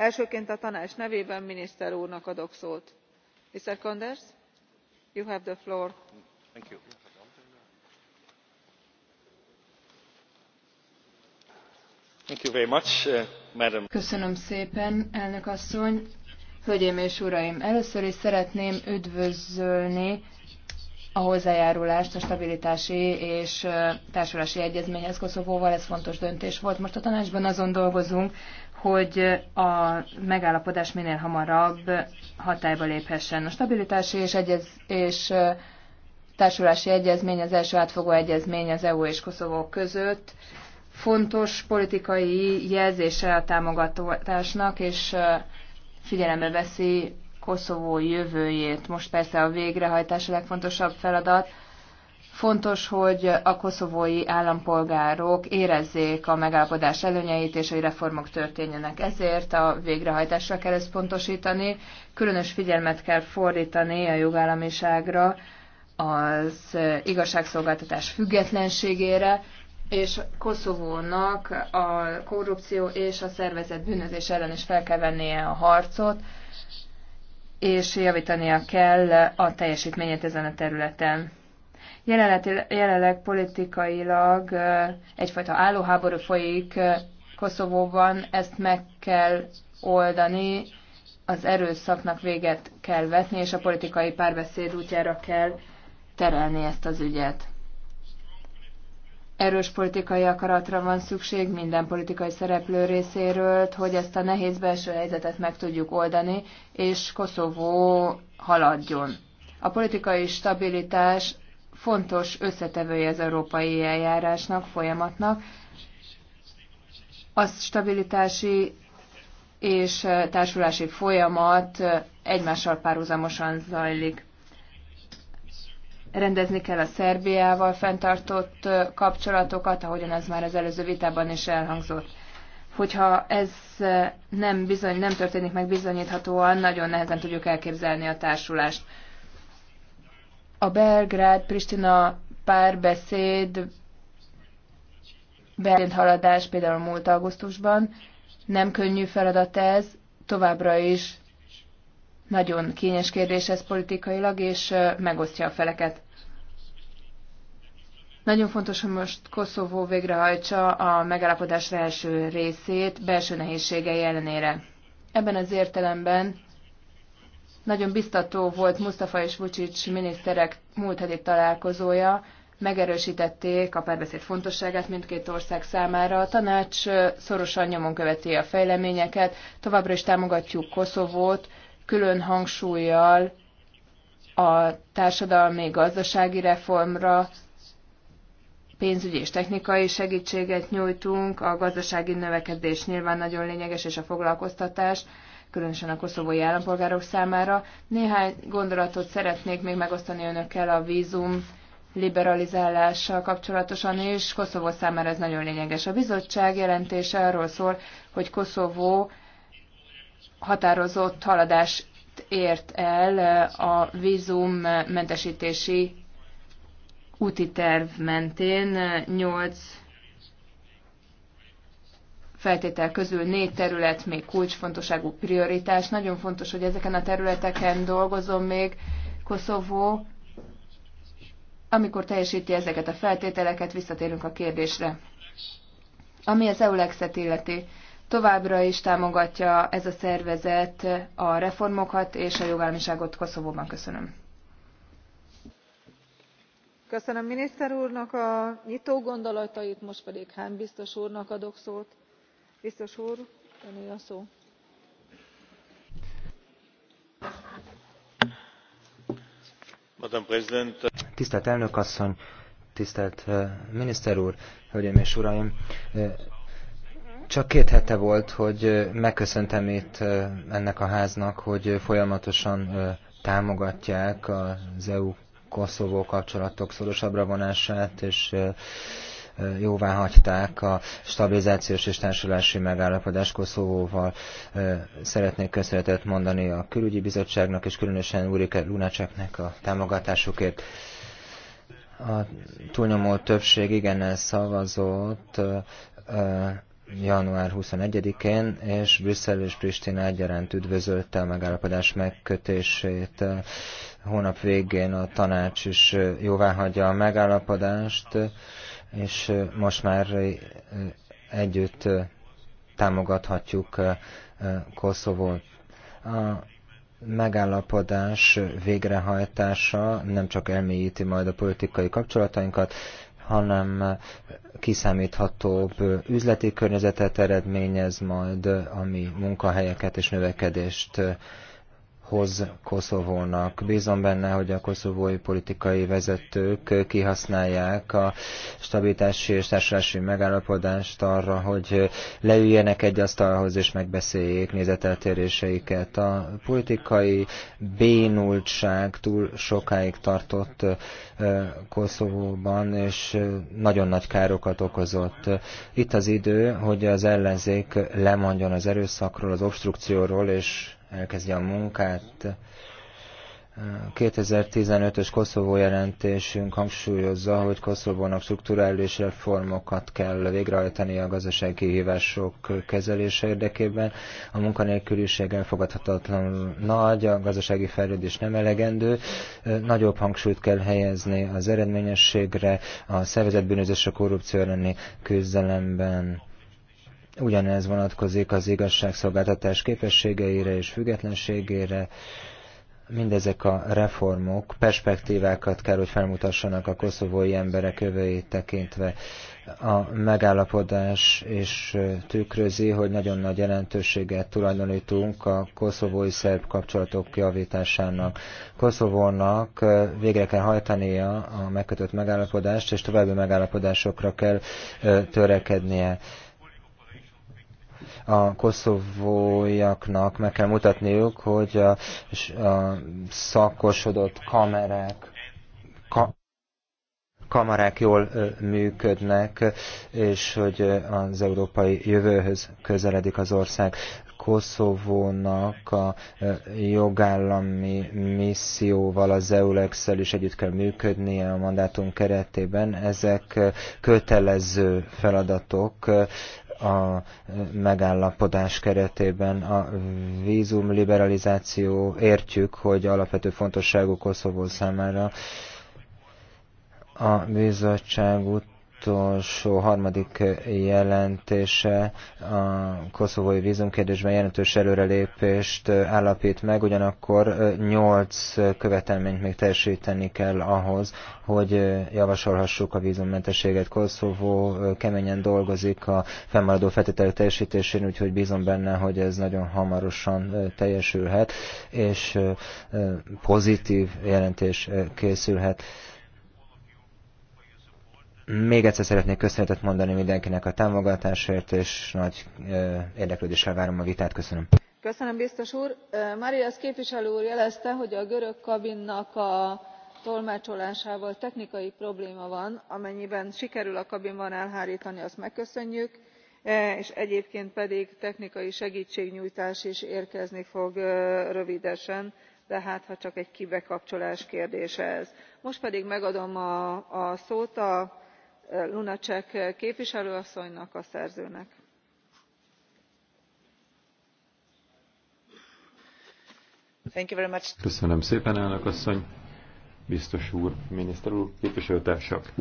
elsőként a tanács nevében miniszter úrnak adok szót. mr knders you have the floor. Uh, Köszönöm szépen, elnök asszony! Hölgyeim és uraim! Először is szeretném üdvözölni a hozzájárulást a stabilitási és uh, társulási egyezményhez Koszovóval, ez fontos döntés volt. Most a tanácsban azon dolgozunk, hogy a megállapodás minél hamarabb hatályba léphessen. A stabilitási és, egyez, és társulási egyezmény az első átfogó egyezmény az EU és Koszovó között. Fontos politikai jelzése a támogatásnak, és figyelembe veszi Koszovó jövőjét. Most persze a végrehajtás a legfontosabb feladat, Fontos, hogy a koszovói állampolgárok érezzék a megállapodás előnyeit, és hogy reformok történjenek. Ezért a végrehajtásra kell pontosítani. különös figyelmet kell fordítani a jogállamiságra, az igazságszolgáltatás függetlenségére, és Koszovónak a korrupció és a szervezett bűnözés ellen is fel kell vennie a harcot, és javítania kell a teljesítményét ezen a területen. Jelenleg, jelenleg politikailag egyfajta állóháború folyik Koszovóban, ezt meg kell oldani, az erőszaknak véget kell vetni, és a politikai párbeszéd útjára kell terelni ezt az ügyet. Erős politikai akaratra van szükség minden politikai szereplő részéről, hogy ezt a nehéz belső helyzetet meg tudjuk oldani, és Koszovó haladjon. A politikai stabilitás fontos összetevője az európai eljárásnak, folyamatnak. A stabilitási és társulási folyamat egymással párhuzamosan zajlik. Rendezni kell a Szerbiával fenntartott kapcsolatokat, ahogyan ez már az előző vitában is elhangzott. Hogyha ez nem, bizony, nem történik meg bizonyíthatóan, nagyon nehezen tudjuk elképzelni a társulást. A Belgrád-Pristina párbeszéd Berlin haladás például múlt augusztusban. Nem könnyű feladat ez, továbbra is nagyon kényes kérdés ez politikailag, és megosztja a feleket. Nagyon fontos, hogy most Koszovó végrehajtsa a megállapodás első részét belső nehézségei ellenére. Ebben az értelemben nagyon biztató volt Mustafa és Vucic miniszterek múlt heti találkozója, megerősítették a párbeszéd fontosságát mindkét ország számára. A tanács szorosan nyomon követi a fejleményeket, továbbra is támogatjuk Koszovót, külön hangsúlyjal a társadalmi gazdasági reformra, pénzügyi és technikai segítséget nyújtunk, a gazdasági növekedés nyilván nagyon lényeges, és a foglalkoztatás különösen a koszovói állampolgárok számára. Néhány gondolatot szeretnék még megosztani önökkel a vízum liberalizálással kapcsolatosan, és Koszovó számára ez nagyon lényeges. A bizottság jelentése arról szól, hogy Koszovó határozott haladást ért el a vízum úti terv mentén. 8 feltétel közül négy terület még kulcsfontosságú prioritás. Nagyon fontos, hogy ezeken a területeken dolgozom még Koszovó. Amikor teljesíti ezeket a feltételeket, visszatérünk a kérdésre. Ami az EULEX-et illeti, továbbra is támogatja ez a szervezet a reformokat és a jogállamiságot Koszovóban. Köszönöm. Köszönöm miniszter úrnak a nyitó gondolatait, most pedig Hán biztos úrnak adok szót biztos úr öné a szó. tisztelt elnök asszony tisztelt miniszter úr hölgyeim és uraim! Csak két hete volt, hogy megköszöntem itt ennek a háznak, hogy folyamatosan támogatják az EU-Koszovó kapcsolatok szorosabbra vonását, és jóvá hagyták a stabilizációs és társulási megállapodás Koszovóval. Szeretnék köszönetet mondani a külügyi bizottságnak és különösen Ulrike Lunacseknek a támogatásukért. A túlnyomó többség igennel szavazott január 21-én, és Brüsszel és Pristina egyaránt üdvözölte a megállapodás megkötését. Hónap végén a tanács is jóváhagyja a megállapodást és most már együtt támogathatjuk Koszovót. A megállapodás végrehajtása nem csak elmélyíti majd a politikai kapcsolatainkat, hanem kiszámíthatóbb üzleti környezetet eredményez majd, ami munkahelyeket és növekedést hoz Koszovónak. Bízom benne, hogy a koszovói politikai vezetők kihasználják a stabilitási és társadalmi megállapodást arra, hogy leüljenek egy asztalhoz és megbeszéljék nézeteltéréseiket. A politikai bénultság túl sokáig tartott Koszovóban, és nagyon nagy károkat okozott. Itt az idő, hogy az ellenzék lemondjon az erőszakról, az obstrukcióról, és elkezdje a munkát. 2015-ös Koszovó jelentésünk hangsúlyozza, hogy Koszovónak strukturális reformokat kell végrehajtani a gazdasági kihívások kezelése érdekében. A munkanélküliség elfogadhatatlan nagy, a gazdasági fejlődés nem elegendő. Nagyobb hangsúlyt kell helyezni az eredményességre, a szervezetbűnözés a korrupció elleni küzdelemben Ugyanez vonatkozik az igazságszolgáltatás képességeire és függetlenségére. Mindezek a reformok perspektívákat kell, hogy felmutassanak a koszovói emberek jövőjét tekintve. A megállapodás és tükrözi, hogy nagyon nagy jelentőséget tulajdonítunk a koszovói szerb kapcsolatok javításának. Koszovónak végre kell hajtania a megkötött megállapodást, és további megállapodásokra kell törekednie a koszovóiaknak meg kell mutatniuk, hogy a, a szakosodott kamerák, ka, kamerák jól működnek, és hogy az európai jövőhöz közeledik az ország. Koszovónak a jogállami misszióval, az eulex is együtt kell működnie a mandátum keretében. Ezek kötelező feladatok, a megállapodás keretében a vízum liberalizáció értjük, hogy alapvető fontosságú Koszovó számára a bizottság utolsó harmadik jelentése a koszovói vízumkérdésben jelentős előrelépést állapít meg, ugyanakkor nyolc követelményt még teljesíteni kell ahhoz, hogy javasolhassuk a vízummentességet. Koszovó keményen dolgozik a fennmaradó feltételek teljesítésén, úgyhogy bízom benne, hogy ez nagyon hamarosan teljesülhet, és pozitív jelentés készülhet. Még egyszer szeretnék köszönetet mondani mindenkinek a támogatásért, és nagy érdeklődéssel várom a vitát. Köszönöm. Köszönöm, biztos úr. Marias képviselő úr jelezte, hogy a görög kabinnak a tolmácsolásával technikai probléma van amennyiben sikerül a kabinban elhárítani, azt megköszönjük és egyébként pedig technikai segítségnyújtás is érkezni fog rövidesen de hát ha csak egy kibekapcsolás kérdése ez. most pedig megadom a, a szót a lunacek képviselő asszonynak a szerzőnek. köszönöm szépen elnök asszony biztos úr miniszter úr képviselőtársak!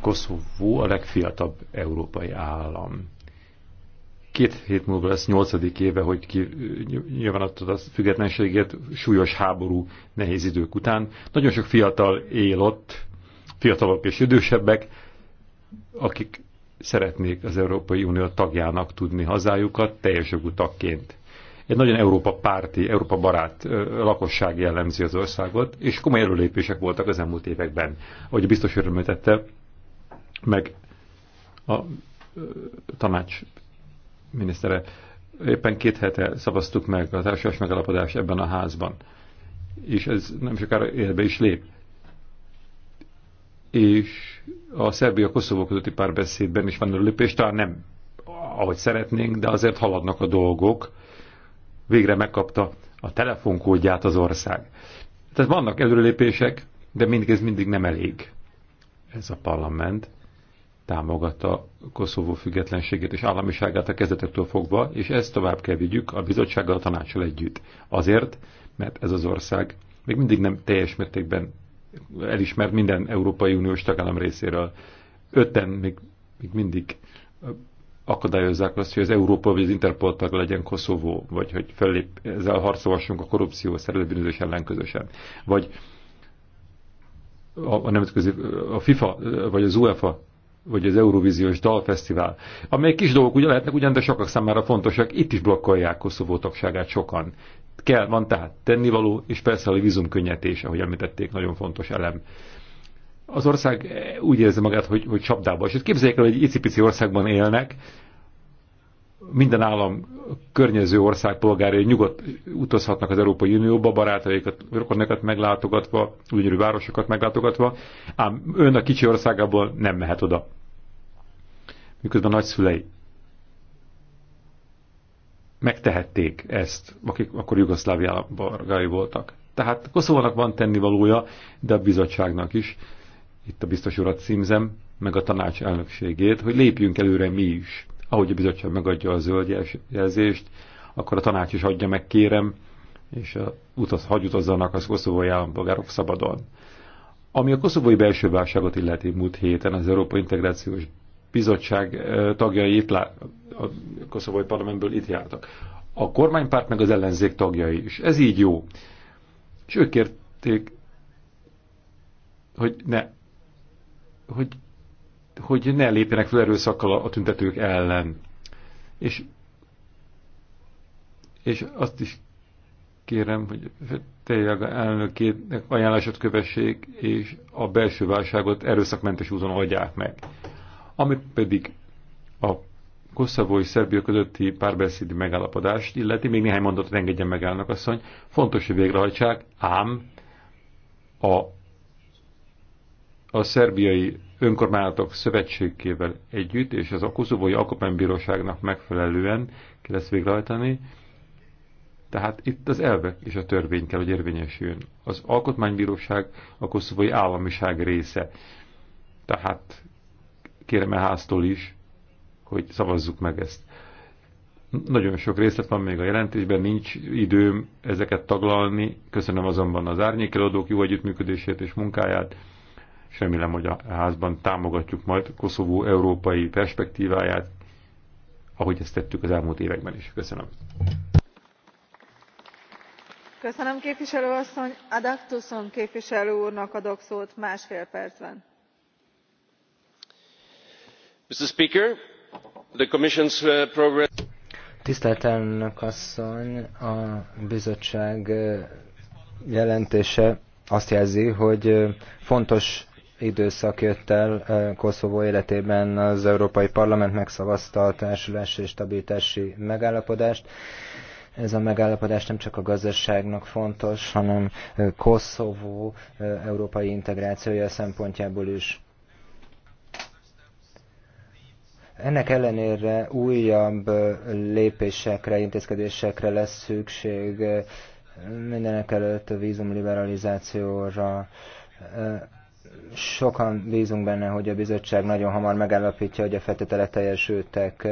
koszovó a legfiatalabb európai állam. Két hét múlva lesz nyolcadik éve, hogy ki nyilvánította a függetlenségét súlyos háború nehéz idők után. Nagyon sok fiatal él ott, fiatalok és idősebbek, akik szeretnék az Európai Unió tagjának tudni hazájukat teljes jogú tagként. Egy nagyon Európa párti, Európa barát lakosság jellemzi az országot, és komoly előlépések voltak az elmúlt években. Ahogy biztos örömötette, meg a tanács minisztere. Éppen két hete szavaztuk meg a társas megalapodást ebben a házban, és ez nem sokára életbe is lép és a Szerbia-Koszovó közötti párbeszédben is van lépés, talán nem ahogy szeretnénk, de azért haladnak a dolgok. Végre megkapta a telefonkódját az ország. Tehát vannak előlépések, de mindig ez mindig nem elég. Ez a parlament támogatta Koszovó függetlenségét és államiságát a kezdetektől fogva, és ezt tovább kell vigyük a bizottsággal, a tanácsal együtt. Azért, mert ez az ország még mindig nem teljes mértékben elismert minden Európai Uniós tagállam részéről. Öten még, még mindig akadályozzák azt, hogy az Európa vagy az Interpol tag legyen Koszovó, vagy hogy fellép, ezzel harcolhassunk a korrupció szervezetbűnözés ellen közösen. Vagy a, a nemzetközi, a FIFA, vagy az UEFA, vagy az Eurovíziós Dalfesztivál, amely kis dolgok ugye lehetnek, ugyan, de sokak számára fontosak, itt is blokkolják Koszovó tagságát sokan kell, van tehát tennivaló, és persze a vízumkönnyetés, ahogy említették, nagyon fontos elem. Az ország úgy érzi magát, hogy, hogy csapdába. És képzeljék el, hogy egy icipici országban élnek, minden állam környező ország polgárai nyugodt utazhatnak az Európai Unióba, barátaikat, rokonokat meglátogatva, ugyanúgy városokat meglátogatva, ám ön a kicsi országából nem mehet oda. Miközben nagyszülei megtehették ezt, akik akkor Jugoszláviában voltak. Tehát Koszovónak van tennivalója, de a bizottságnak is, itt a biztos urat címzem, meg a tanács elnökségét, hogy lépjünk előre mi is. Ahogy a bizottság megadja a zöld jelzést, akkor a tanács is adja meg, kérem, és utaz, hagy utazzanak az koszovói állampolgárok szabadon. Ami a koszovói belső válságot illeti múlt héten az Európa Integrációs bizottság eh, tagjai itt lá... a koszovói parlamentből itt jártak. A kormánypárt meg az ellenzék tagjai is. Ez így jó. És ők kérték, hogy ne, hogy, hogy ne lépjenek fel erőszakkal a tüntetők ellen. És, és azt is kérem, hogy tényleg elnökének ajánlását kövessék, és a belső válságot erőszakmentes úton oldják meg. Ami pedig a koszovói Szerbia közötti párbeszédi megállapodást illeti, még néhány mondatot engedjen meg elnök asszony, fontos, hogy végrehajtsák, ám a, a szerbiai önkormányzatok szövetségével együtt, és az a koszovói alkotmánybíróságnak megfelelően ki lesz végrehajtani, tehát itt az elvek és a törvény kell, hogy érvényesüljön. Az alkotmánybíróság a koszovói államiság része. Tehát kérem a háztól is, hogy szavazzuk meg ezt. Nagyon sok részlet van még a jelentésben, nincs időm ezeket taglalni. Köszönöm azonban az árnyékeladók jó együttműködését és munkáját, és remélem, hogy a házban támogatjuk majd Koszovó európai perspektíváját, ahogy ezt tettük az elmúlt években is. Köszönöm. Köszönöm képviselő asszony. Adaktuszon képviselő úrnak adok szót másfél percben. Uh, Tisztelt elnök asszony, a bizottság uh, jelentése azt jelzi, hogy uh, fontos időszak jött el Koszovó életében az Európai Parlament megszavazta a társulási és stabilitási megállapodást. Ez a megállapodás nem csak a gazdaságnak fontos, hanem Koszovó európai integrációja szempontjából is Ennek ellenére újabb lépésekre, intézkedésekre lesz szükség, eh, mindenek előtt a vízumliberalizációra. Eh, sokan bízunk benne, hogy a bizottság nagyon hamar megállapítja, hogy a feltételek teljesültek.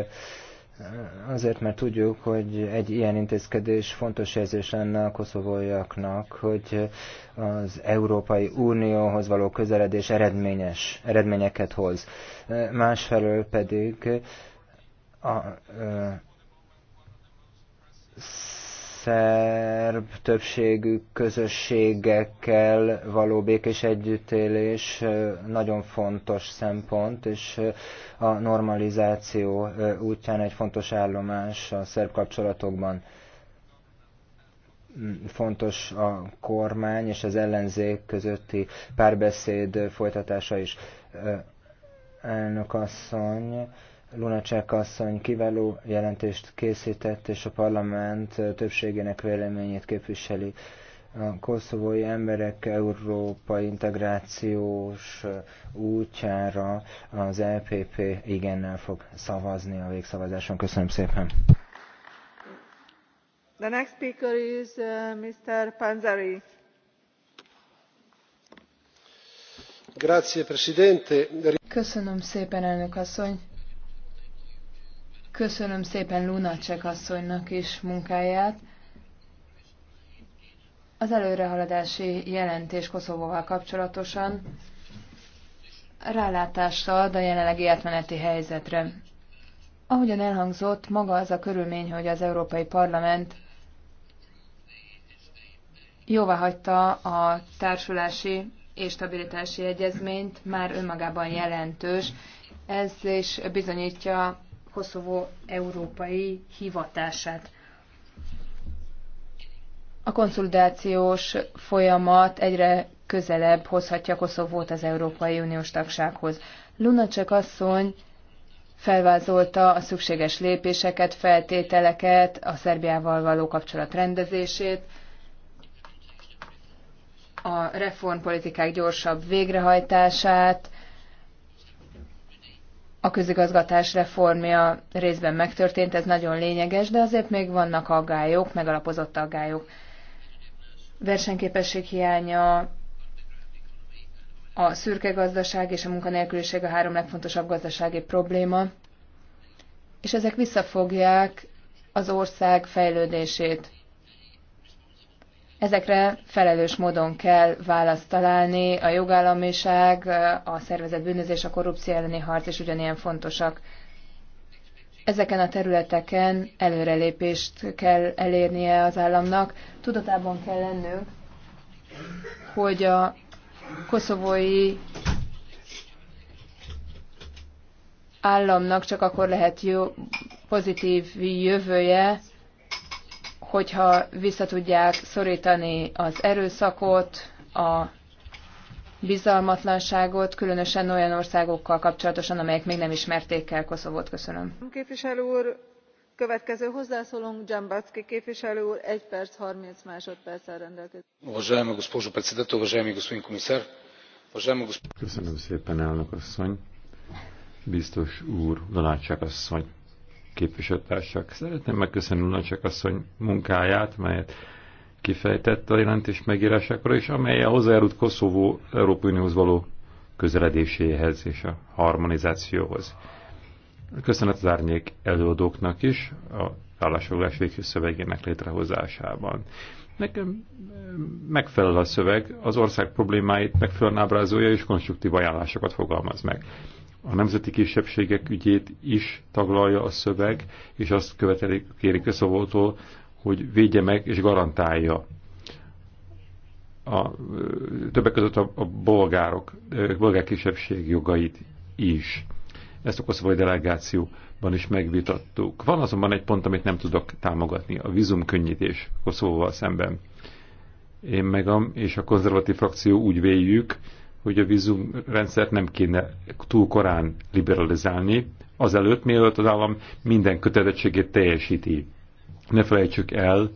Azért, mert tudjuk, hogy egy ilyen intézkedés fontos jelzés lenne a koszovóiaknak, hogy az Európai Unióhoz való közeledés eredményes, eredményeket hoz. Másfelől pedig a, a szerb többségű közösségekkel való békés együttélés nagyon fontos szempont, és a normalizáció útján egy fontos állomás a szerb kapcsolatokban. Mm, fontos a kormány és az ellenzék közötti párbeszéd folytatása is. Elnök asszony, Lunacek asszony kiváló jelentést készített, és a parlament többségének véleményét képviseli. A koszovói emberek Európa integrációs útjára az LPP e igennel fog szavazni a végszavazáson. Köszönöm szépen. The next speaker is uh, Mr. Panzeri. Grazie, Presidente. Köszönöm szépen, elnök asszony Köszönöm szépen Lunacek asszonynak is munkáját. Az előrehaladási jelentés Koszovóval kapcsolatosan rálátást ad a jelenlegi átmeneti helyzetre. Ahogyan elhangzott, maga az a körülmény, hogy az Európai Parlament jóvá hagyta a társulási és stabilitási egyezményt, már önmagában jelentős. Ez is bizonyítja Koszovó európai hivatását. A konszolidációs folyamat egyre közelebb hozhatja Koszovót az Európai Uniós tagsághoz. Lunacek asszony felvázolta a szükséges lépéseket, feltételeket, a Szerbiával való kapcsolat rendezését, a reformpolitikák gyorsabb végrehajtását, a közigazgatás reformja részben megtörtént, ez nagyon lényeges, de azért még vannak aggályok, megalapozott aggályok. Versenyképesség hiánya, a szürke gazdaság és a munkanélküliség a három legfontosabb gazdasági probléma, és ezek visszafogják az ország fejlődését. Ezekre felelős módon kell választ találni, a jogállamiság, a szervezet bűnözés, a korrupció elleni harc is ugyanilyen fontosak. Ezeken a területeken előrelépést kell elérnie az államnak. Tudatában kell lennünk, hogy a koszovói államnak csak akkor lehet jó, pozitív jövője, hogyha visszatudják szorítani az erőszakot, a bizalmatlanságot, különösen olyan országokkal kapcsolatosan, amelyek még nem ismerték el Koszovót. Köszönöm. Képviselő úr, következő hozzászólunk, Dzsambacki képviselő úr egy perc harminc másodperccel rendelkezik. köszönöm szépen elnök asszony biztos úr asszony képviselőtársak. Szeretném megköszönni Lunacsek asszony munkáját, melyet kifejtett a jelentés megírásákra, és amely a hozzájárult Koszovó Európai Unióhoz való közeledéséhez és a harmonizációhoz. Köszönet az árnyék előadóknak is a állásfoglalás végső szövegének létrehozásában. Nekem eh, megfelel a szöveg, az ország problémáit megfelelően ábrázolja és konstruktív ajánlásokat fogalmaz meg a nemzeti kisebbségek ügyét is taglalja a szöveg, és azt követelik, kérik Koszovótól, hogy védje meg és garantálja a, többek között a, a bolgárok, a bolgár kisebbség jogait is. Ezt a koszovai delegációban is megvitattuk. Van azonban egy pont, amit nem tudok támogatni, a vízumkönnyítés Koszovóval szemben. Én meg a, és a konzervatív frakció úgy véljük, hogy a vízumrendszert nem kéne túl korán liberalizálni, azelőtt, mielőtt az állam minden kötelezettségét teljesíti. Ne felejtsük el,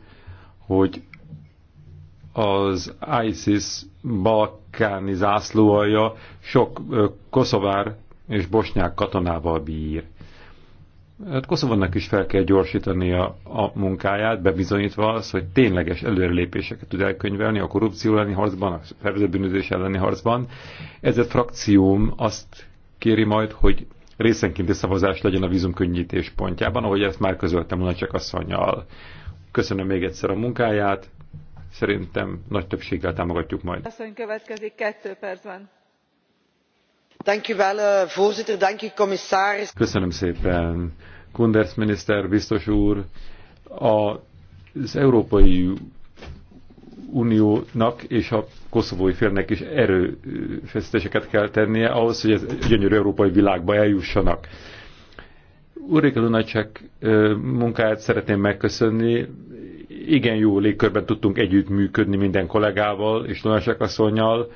hogy az ISIS balkáni zászlóalja sok koszovár és bosnyák katonával bír. Hát Koszovonnak is fel kell gyorsítani a, a munkáját, bebizonyítva az, hogy tényleges előrelépéseket tud elkönyvelni a korrupció elleni harcban, a szervezetbűnözés elleni harcban. Ez a frakcióm azt kéri majd, hogy részenkénti szavazás legyen a vízumkönnyítés pontjában, ahogy ezt már közöltem csak asszonynal. Köszönöm még egyszer a munkáját, szerintem nagy többséggel támogatjuk majd. Asszony következik, kettő percben Eh, voorzitter commissaris. Köszönöm szépen. Kunders miniszter, biztos úr, az Európai Uniónak és a koszovói félnek is erőfeszítéseket kell tennie ahhoz, hogy ez gyönyörű európai világba eljussanak. Ulrike Lunacek munkáját szeretném megköszönni. Igen jó légkörben tudtunk együttműködni minden kollégával és Lunacek asszonynal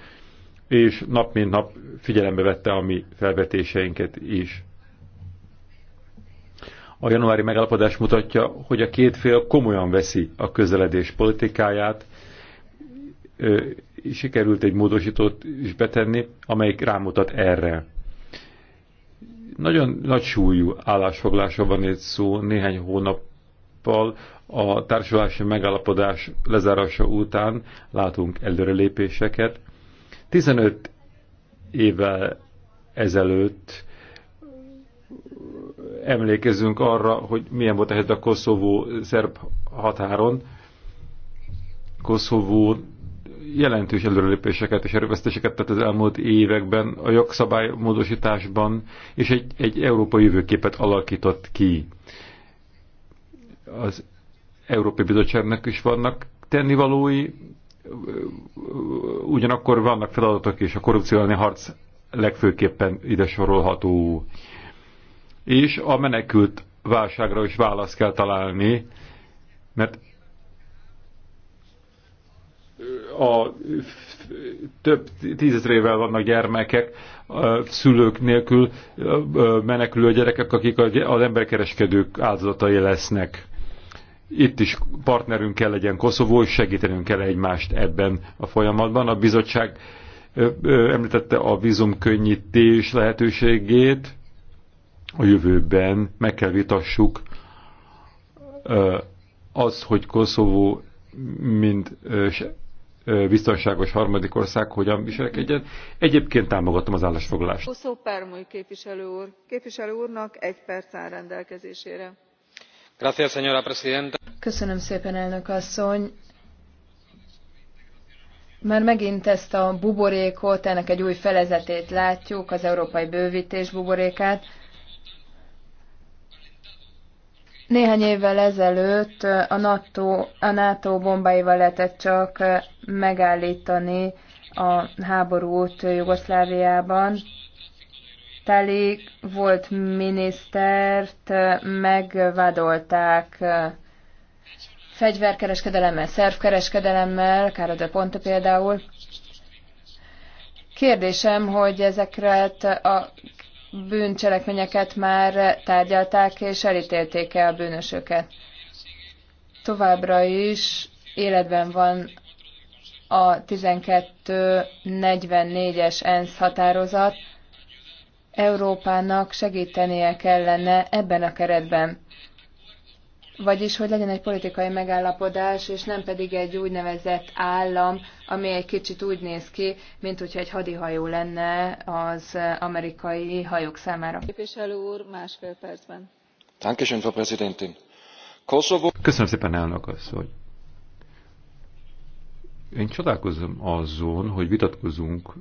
és nap mint nap figyelembe vette a mi felvetéseinket is. A januári megállapodás mutatja, hogy a két fél komolyan veszi a közeledés politikáját, és sikerült egy módosítót is betenni, amelyik rámutat erre. Nagyon nagy súlyú állásfoglásra van itt szó néhány hónappal a társulási megállapodás lezárása után látunk előrelépéseket, 15 évvel ezelőtt emlékezünk arra, hogy milyen volt a helyzet a Koszovó-szerb határon. Koszovó jelentős előrelépéseket és erővesztéseket tett az elmúlt években a jogszabálymódosításban, és egy, egy európai jövőképet alakított ki. Az Európai Bizottságnak is vannak tennivalói, ugyanakkor vannak feladatok és a korrupció elleni harc legfőképpen ide sorolható. És a menekült válságra is választ kell találni, mert a több tízezrével vannak gyermekek, szülők nélkül menekülő gyerekek, akik az emberkereskedők áldozatai lesznek itt is partnerünk kell legyen Koszovó, és segítenünk kell egymást ebben a folyamatban. A bizottság említette a vízumkönnyítés lehetőségét, a jövőben meg kell vitassuk az, hogy Koszovó mind biztonságos harmadik ország hogyan viselkedjen. Egyébként támogatom az állásfoglalást. Koszó Pármúj képviselő úr. Képviselő úrnak egy perc áll rendelkezésére. Köszönöm szépen, elnök asszony. Már megint ezt a buborékot, ennek egy új felezetét látjuk, az európai bővítés buborékát. Néhány évvel ezelőtt a NATO, a NATO bombáival lehetett csak megállítani a háborút Jugoszláviában. Tali volt minisztert megvádolták fegyverkereskedelemmel, szervkereskedelemmel, Kára de például. Kérdésem, hogy ezeket a bűncselekményeket már tárgyalták és elítélték-e a bűnösöket. Továbbra is életben van a 1244-es ENSZ határozat, Európának segítenie kellene ebben a keretben. Vagyis, hogy legyen egy politikai megállapodás, és nem pedig egy úgynevezett állam, ami egy kicsit úgy néz ki, mint hogyha egy hadihajó lenne az amerikai hajók számára. Képviselő úr, másfél percben. Dankeschön, Frau Präsidentin. Kosovo... Köszönöm szépen, elnök asszony. Én csodálkozom azon, hogy vitatkozunk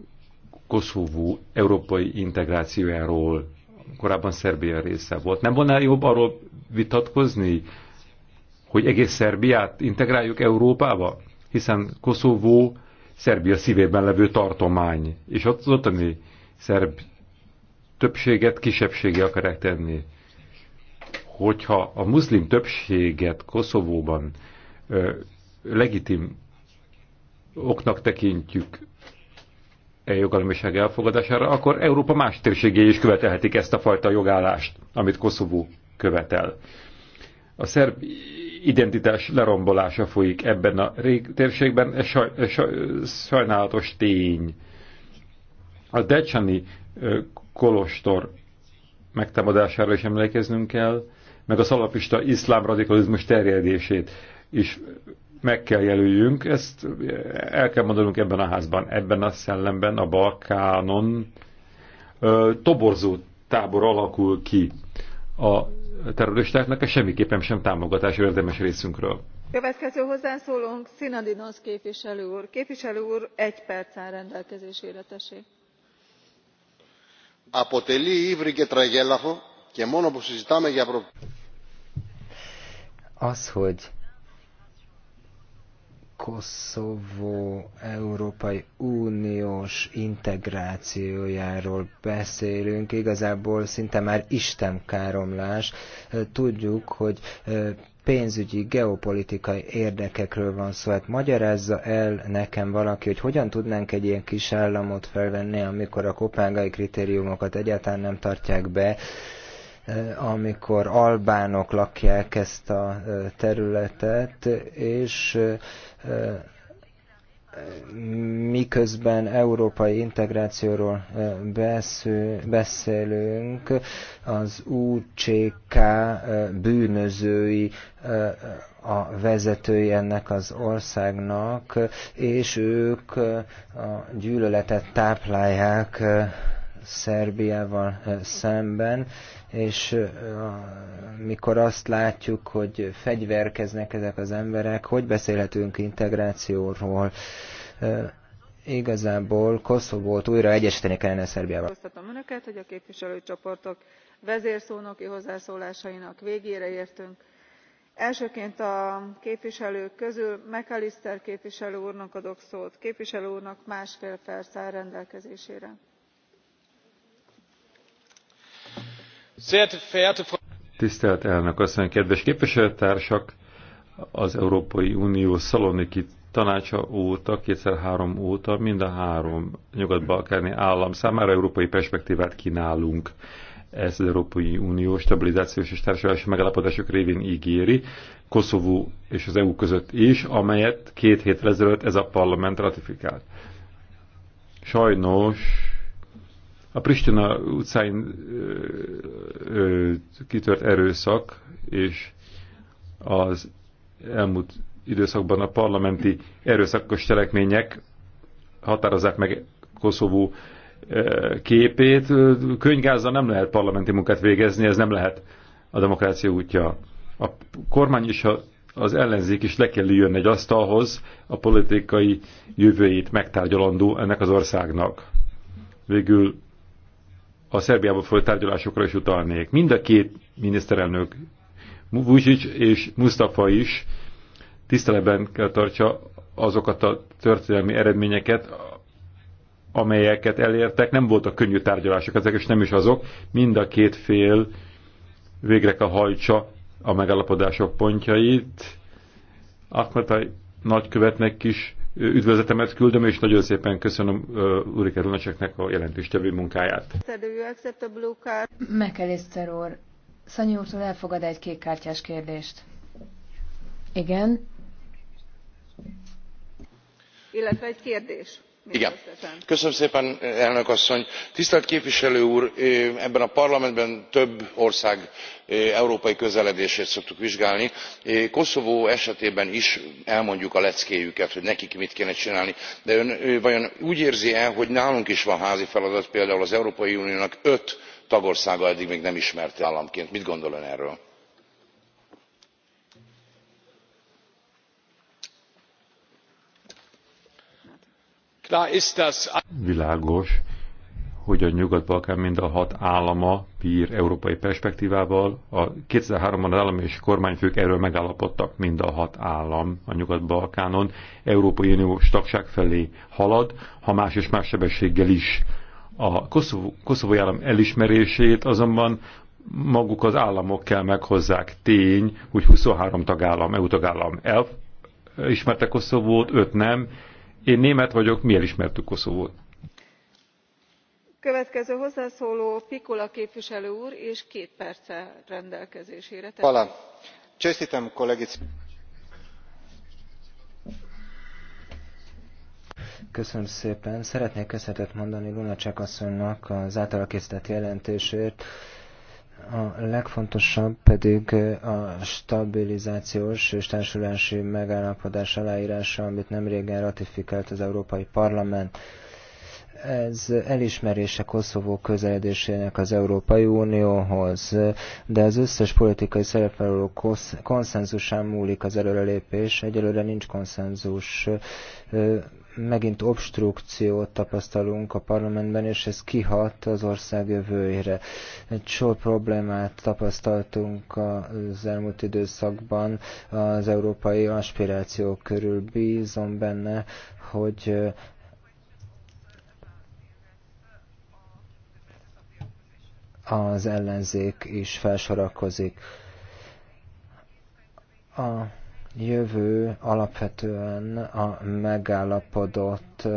Koszovó európai integrációjáról, korábban Szerbia része volt. Nem volna jobb arról vitatkozni, hogy egész Szerbiát integráljuk Európába? Hiszen Koszovó Szerbia szívében levő tartomány, és ott az ottani szerb többséget kisebbsége akarják tenni. Hogyha a muszlim többséget Koszovóban ö, legitim oknak tekintjük, jogalmiság elfogadására, akkor Európa más térségé is követelhetik ezt a fajta jogállást, amit Koszovó követel. A szerb identitás lerombolása folyik ebben a rég térségben, ez saj, saj, sajnálatos tény. A Decsani kolostor megtámadására is emlékeznünk kell, meg a szalapista iszlám radikalizmus terjedését is meg kell jelöljünk, ezt el kell mondanunk ebben a házban, ebben a szellemben, a Balkánon toborzó tábor alakul ki a terroristáknak, és semmiképpen sem támogatás érdemes részünkről. Következő hozzászólónk Szinadinosz képviselő úr. Képviselő úr, egy perc áll rendelkezésére, tesé. Αποτελεί ύβρι και τραγέλαφο και μόνο που συζητάμε για... Az, hogy Koszovó Európai Uniós integrációjáról beszélünk, igazából szinte már istenkáromlás. Tudjuk, hogy pénzügyi, geopolitikai érdekekről van szó. Hát magyarázza el nekem valaki, hogy hogyan tudnánk egy ilyen kis államot felvenni, amikor a kopengai kritériumokat egyáltalán nem tartják be, Eh, amikor albánok lakják ezt a eh, területet, és eh, miközben európai integrációról beszélünk, az UCK bűnözői a vezetői ennek az országnak, és ők a gyűlöletet táplálják Szerbiával szemben, és mikor azt látjuk, hogy fegyverkeznek ezek az emberek, hogy beszélhetünk integrációról? Igazából Koszovót újra egyesíteni kellene Szerbiával. Köszönöm Önöket, hogy a képviselőcsoportok vezérszónoki hozzászólásainak végére értünk elsőként a képviselők közül mcallister képviselő úrnak adok szót képviselő úrnak másfél perc áll rendelkezésére. Tisztelt elnök asszony, kedves képviselőtársak! Az Európai Unió Szaloniki tanácsa óta, kétszer három óta mind a három nyugat-balkáni állam számára európai perspektívát kínálunk. Ezt az Európai Unió stabilizációs és társadalmi megállapodások révén ígéri, Koszovó és az EU között is, amelyet két héttel ezelőtt ez a parlament ratifikált. Sajnos a Pristina utcáin ö, ö, kitört erőszak, és az elmúlt időszakban a parlamenti erőszakos cselekmények határozzák meg Koszovó képét. Könygázzal nem lehet parlamenti munkát végezni, ez nem lehet a demokrácia útja. A kormány is az ellenzék is le kell jönni egy asztalhoz a politikai jövőjét megtárgyalandó ennek az országnak. Végül a Szerbiában folyó tárgyalásokra is utalnék. Mind a két miniszterelnök, Vucic és Mustafa is tiszteletben kell tartsa azokat a történelmi eredményeket, amelyeket elértek. Nem voltak könnyű tárgyalások ezek, és nem is azok. Mind a két fél végre kell hajtsa a megállapodások pontjait. Akmatai nagykövetnek is üdvözletemet küldöm, és nagyon szépen köszönöm Ulrike Lunacseknek a jelentős tevő munkáját. Mekeliszter úr, Szanyi úrtól elfogad egy kékkártyás kérdést. Igen. Illetve egy kérdés tisztelt képviselő úr ebben a parlamentben több ország európai közeledését szoktuk vizsgálni koszovó esetében is elmondjuk a leckéjüket hogy nekik mit kéne csinálni de ön vajon úgy érzi e hogy nálunk is van házi feladat például az európai uniónak öt tagországa eddig még nem ismert államként mit gondol ön erről? Világos, hogy a Nyugat-Balkán mind a hat állama bír európai perspektívával. A 2003-ban az állam és kormányfők erről megállapodtak, mind a hat állam a Nyugat-Balkánon. Európai Uniós tagság felé halad, ha más és más sebességgel is. A Koszovó, koszovói állam elismerését azonban maguk az államok kell meghozzák. Tény, hogy 23 tagállam, EU tagállam elismerte Koszovót, 5 nem, én német vagyok, mi elismertük Koszovót. Következő hozzászóló Pikula képviselő úr, és két perce rendelkezésére. Hvala. Čestitam kolegici. Köszönöm szépen. Szeretnék köszönetet mondani Lunacek asszonynak az általa készített jelentésért a legfontosabb pedig a stabilizációs és társulási megállapodás aláírása, amit nemrégen ratifikált az Európai Parlament ez elismerése Koszovó közeledésének az Európai Unióhoz, de az összes politikai szerepelő konszenzusán múlik az előrelépés. Egyelőre nincs konszenzus megint obstrukciót tapasztalunk a parlamentben, és ez kihat az ország jövőjére. Egy sor problémát tapasztaltunk az elmúlt időszakban az európai aspiráció körül. Bízom benne, hogy az ellenzék is felsorakozik. A jövő alapvetően a megállapodott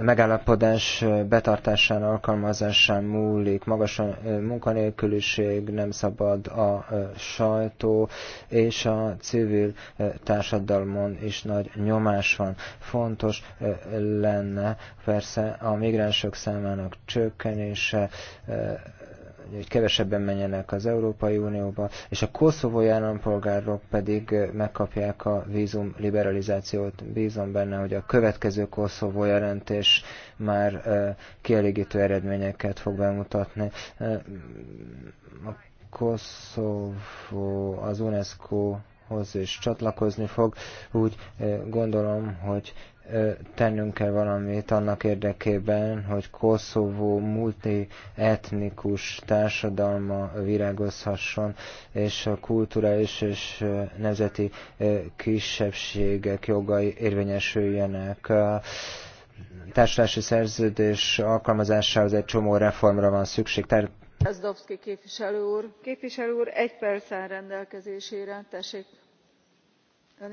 megállapodás betartásán, alkalmazásán múlik, magas a munkanélküliség, nem szabad a sajtó, és a civil társadalmon is nagy nyomás van. Fontos lenne persze a migránsok számának csökkenése, hogy kevesebben menjenek az Európai Unióba, és a koszovói állampolgárok pedig megkapják a vízum liberalizációt. Bízom benne, hogy a következő koszovó jelentés már kielégítő eredményeket fog bemutatni. A Koszovó az UNESCO hoz is csatlakozni fog. Úgy gondolom, hogy tennünk kell valamit annak érdekében, hogy Koszovó multietnikus társadalma virágozhasson, és a kulturális és nemzeti kisebbségek jogai érvényesüljenek. A társulási szerződés alkalmazásához egy csomó reformra van szükség. Tehát Zdowski képviselő úr. Képviselő úr, egy perc áll rendelkezésére. Tessék. Ön...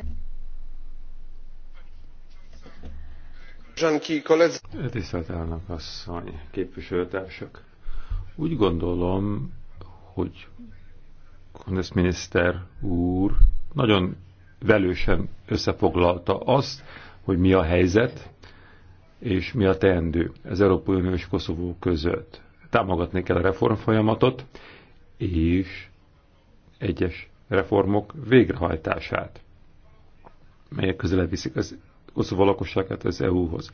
Tisztelt elnök asszony, képviselőtársak! Úgy gondolom, hogy a miniszter úr nagyon velősen összefoglalta azt, hogy mi a helyzet, és mi a teendő az Európai Unió és Koszovó között. Támogatni kell a reformfolyamatot, és egyes reformok végrehajtását, melyek közelebb viszik az Koszovó lakosságát az EU-hoz.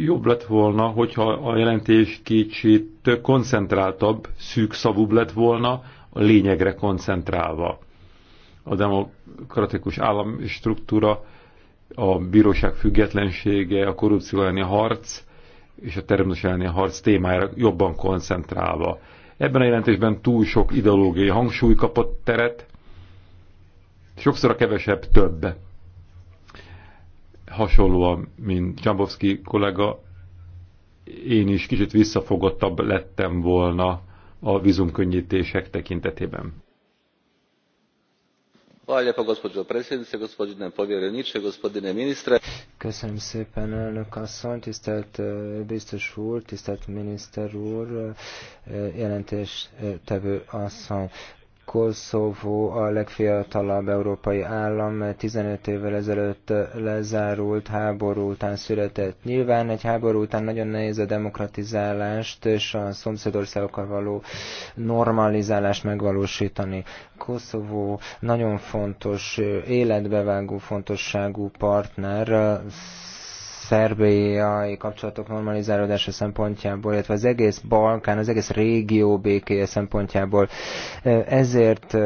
Jobb lett volna, hogyha a jelentés kicsit koncentráltabb, szűkszavúbb lett volna, a lényegre koncentrálva. A demokratikus állami struktúra, a bíróság függetlensége, a korrupció elleni harc és a terrorizmus elleni harc témájára jobban koncentrálva. Ebben a jelentésben túl sok ideológiai hangsúly kapott teret, sokszor a kevesebb több hasonlóan, mint Csambovszki kollega, én is kicsit visszafogottabb lettem volna a vízumkönnyítések tekintetében. Köszönöm szépen, elnök asszony, tisztelt biztos úr, tisztelt miniszter úr, jelentéstevő asszony. Koszovó a legfiatalabb európai állam, 15 évvel ezelőtt lezárult háború után született. Nyilván egy háború után nagyon nehéz a demokratizálást és a szomszédországokkal való normalizálást megvalósítani. Koszovó nagyon fontos, életbevágó fontosságú partner szerbiai kapcsolatok normalizálódása szempontjából, illetve az egész Balkán, az egész régió békéje szempontjából. Ezért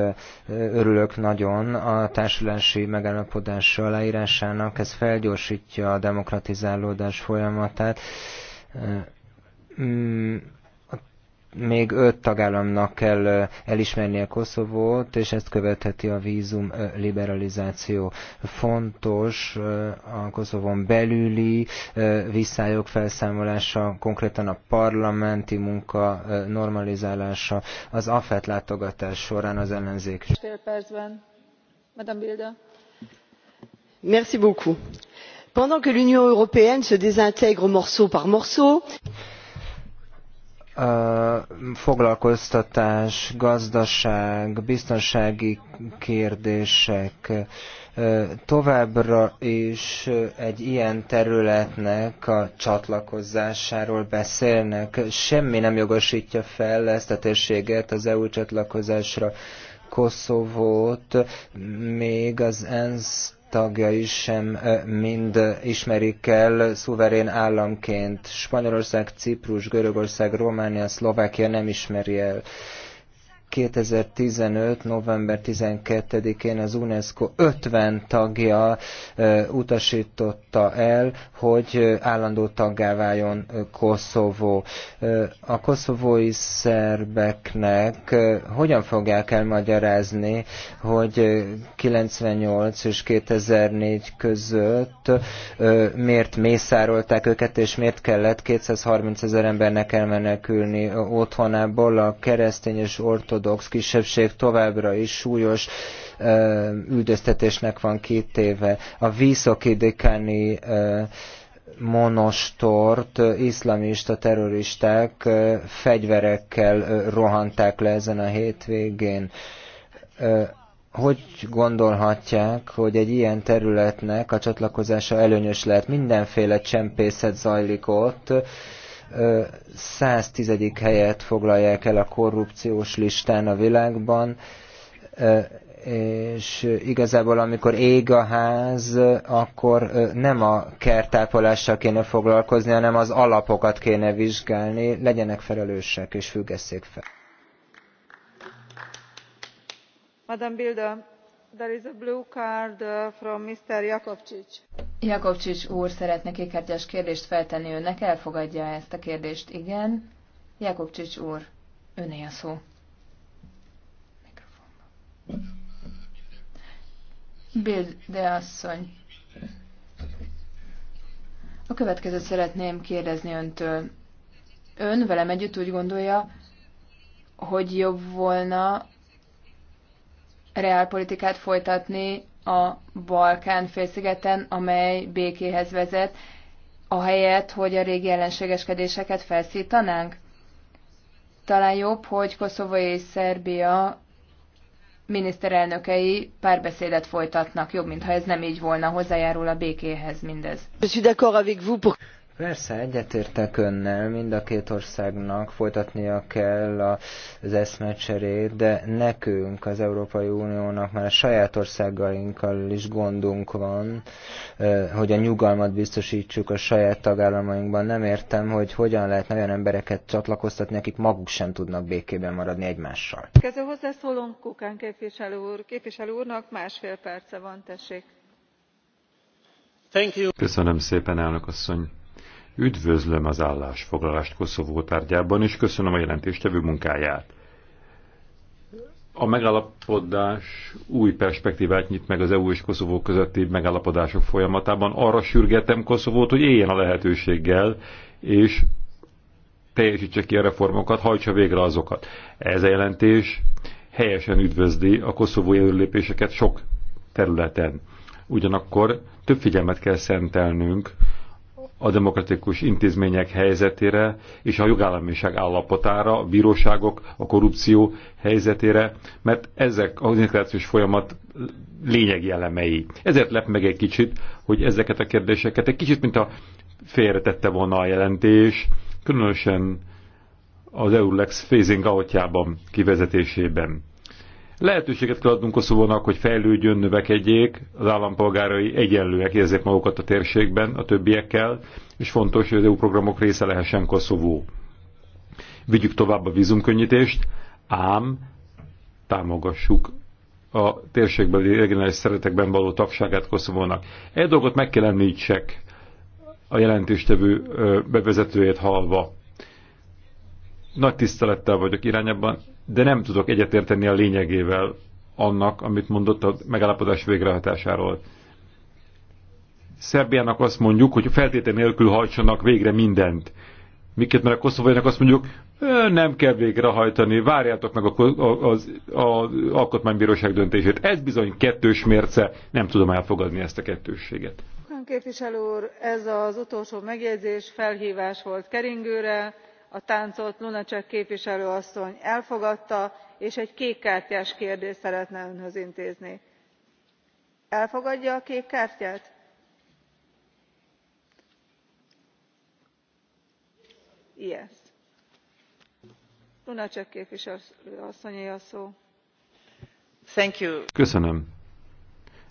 örülök nagyon a társulási megállapodás aláírásának, ez felgyorsítja a demokratizálódás folyamatát még öt tagállamnak kell elismernie Koszovót, és ezt követheti a vízum liberalizáció. Fontos a Koszovon belüli visszályok felszámolása, konkrétan a parlamenti munka normalizálása, az AFET látogatás során az ellenzék. Fél percben. Madame Bilda. Merci beaucoup. Pendant que l'Union européenne se désintègre morceau par morceau, foglalkoztatás, gazdaság, biztonsági kérdések továbbra is egy ilyen területnek a csatlakozásáról beszélnek. Semmi nem jogosítja fel ezt a térséget az EU csatlakozásra. Koszovót még az ENSZ tagjai sem mind ismerik el szuverén államként. Spanyolország, Ciprus, Görögország, Románia, Szlovákia nem ismeri el 2015. november 12-én az UNESCO 50 tagja utasította el, hogy állandó taggá váljon Koszovó. A koszovói szerbeknek hogyan fogják elmagyarázni, hogy 98 és 2004 között miért mészárolták őket, és miért kellett 230 ezer embernek elmenekülni otthonából a keresztény és ortodox ortodox kisebbség továbbra is súlyos üldöztetésnek van kitéve. A Viszokidekáni monostort iszlamista terroristák fegyverekkel rohanták le ezen a hétvégén. Hogy gondolhatják, hogy egy ilyen területnek a csatlakozása előnyös lehet? Mindenféle csempészet zajlik ott, 110. helyet foglalják el a korrupciós listán a világban, és igazából amikor ég a ház, akkor nem a kertápolással kéne foglalkozni, hanem az alapokat kéne vizsgálni, legyenek felelősek és függesszék fel. Madame Bilda, there is a blue card uh, from Mr. Jakovcsics. Jakovcsics úr szeretne kékártyás kérdést feltenni önnek, elfogadja ezt a kérdést? Igen. Jakovcsics úr, öné a szó. Mikrofonba. de asszony. A következőt szeretném kérdezni öntől. Ön velem együtt úgy gondolja, hogy jobb volna reálpolitikát folytatni a Balkán félszigeten, amely békéhez vezet, ahelyett, hogy a régi ellenségeskedéseket felszítanánk? Talán jobb, hogy Koszovó és Szerbia miniszterelnökei párbeszédet folytatnak, jobb, mintha ez nem így volna, hozzájárul a békéhez mindez. Persze, egyetértek önnel, mind a két országnak folytatnia kell az eszmecserét, de nekünk, az Európai Uniónak már a saját országainkkal is gondunk van, hogy a nyugalmat biztosítsuk a saját tagállamainkban. Nem értem, hogy hogyan lehet olyan embereket csatlakoztatni, akik maguk sem tudnak békében maradni egymással. Kezdő hozzászólunk Kukán képviselő úr. Képviselő úrnak másfél perce van, tessék. Thank you. Köszönöm szépen, elnök asszony Üdvözlöm az állásfoglalást Koszovó tárgyában, és köszönöm a jelentéstevő munkáját. A megállapodás új perspektívát nyit meg az EU és Koszovó közötti megállapodások folyamatában. Arra sürgetem Koszovót, hogy éljen a lehetőséggel, és teljesítse ki a reformokat, hajtsa végre azokat. Ez a jelentés helyesen üdvözli a koszovói előlépéseket sok területen. Ugyanakkor több figyelmet kell szentelnünk a demokratikus intézmények helyzetére és a jogállamiság állapotára, a bíróságok, a korrupció helyzetére, mert ezek az integrációs folyamat lényegi elemei. Ezért lep meg egy kicsit, hogy ezeket a kérdéseket egy kicsit, mint a félretette volna a jelentés, különösen az Eulex phasing outjában, kivezetésében. Lehetőséget kell adnunk Koszovónak, hogy fejlődjön, növekedjék, az állampolgárai egyenlőek érzék magukat a térségben a többiekkel, és fontos, hogy az EU programok része lehessen Koszovó. Vigyük tovább a vízumkönnyítést, ám támogassuk a térségbeli regionális szeretekben való tagságát Koszovónak. Egy dolgot meg kell említsek a jelentéstevő bevezetőjét halva. Nagy tisztelettel vagyok irányában, de nem tudok egyetérteni a lényegével annak, amit mondott a megállapodás végrehatásáról. Szerbiának azt mondjuk, hogy feltétel nélkül hajtsanak végre mindent. Miket, mert a koszovainak azt mondjuk, nem kell végrehajtani, várjátok meg a, a, az a alkotmánybíróság döntését. Ez bizony kettős mérce, nem tudom elfogadni ezt a kettősséget. Képviselő úr, ez az utolsó megjegyzés felhívás volt keringőre a táncot lunacek képviselő asszony elfogadta és egy kékkártyás kérdést szeretne önhöz intézni. elfogadja a kékkártyát? kártyát? yes. lunacek képviselő asszonyé a szó. Köszönöm.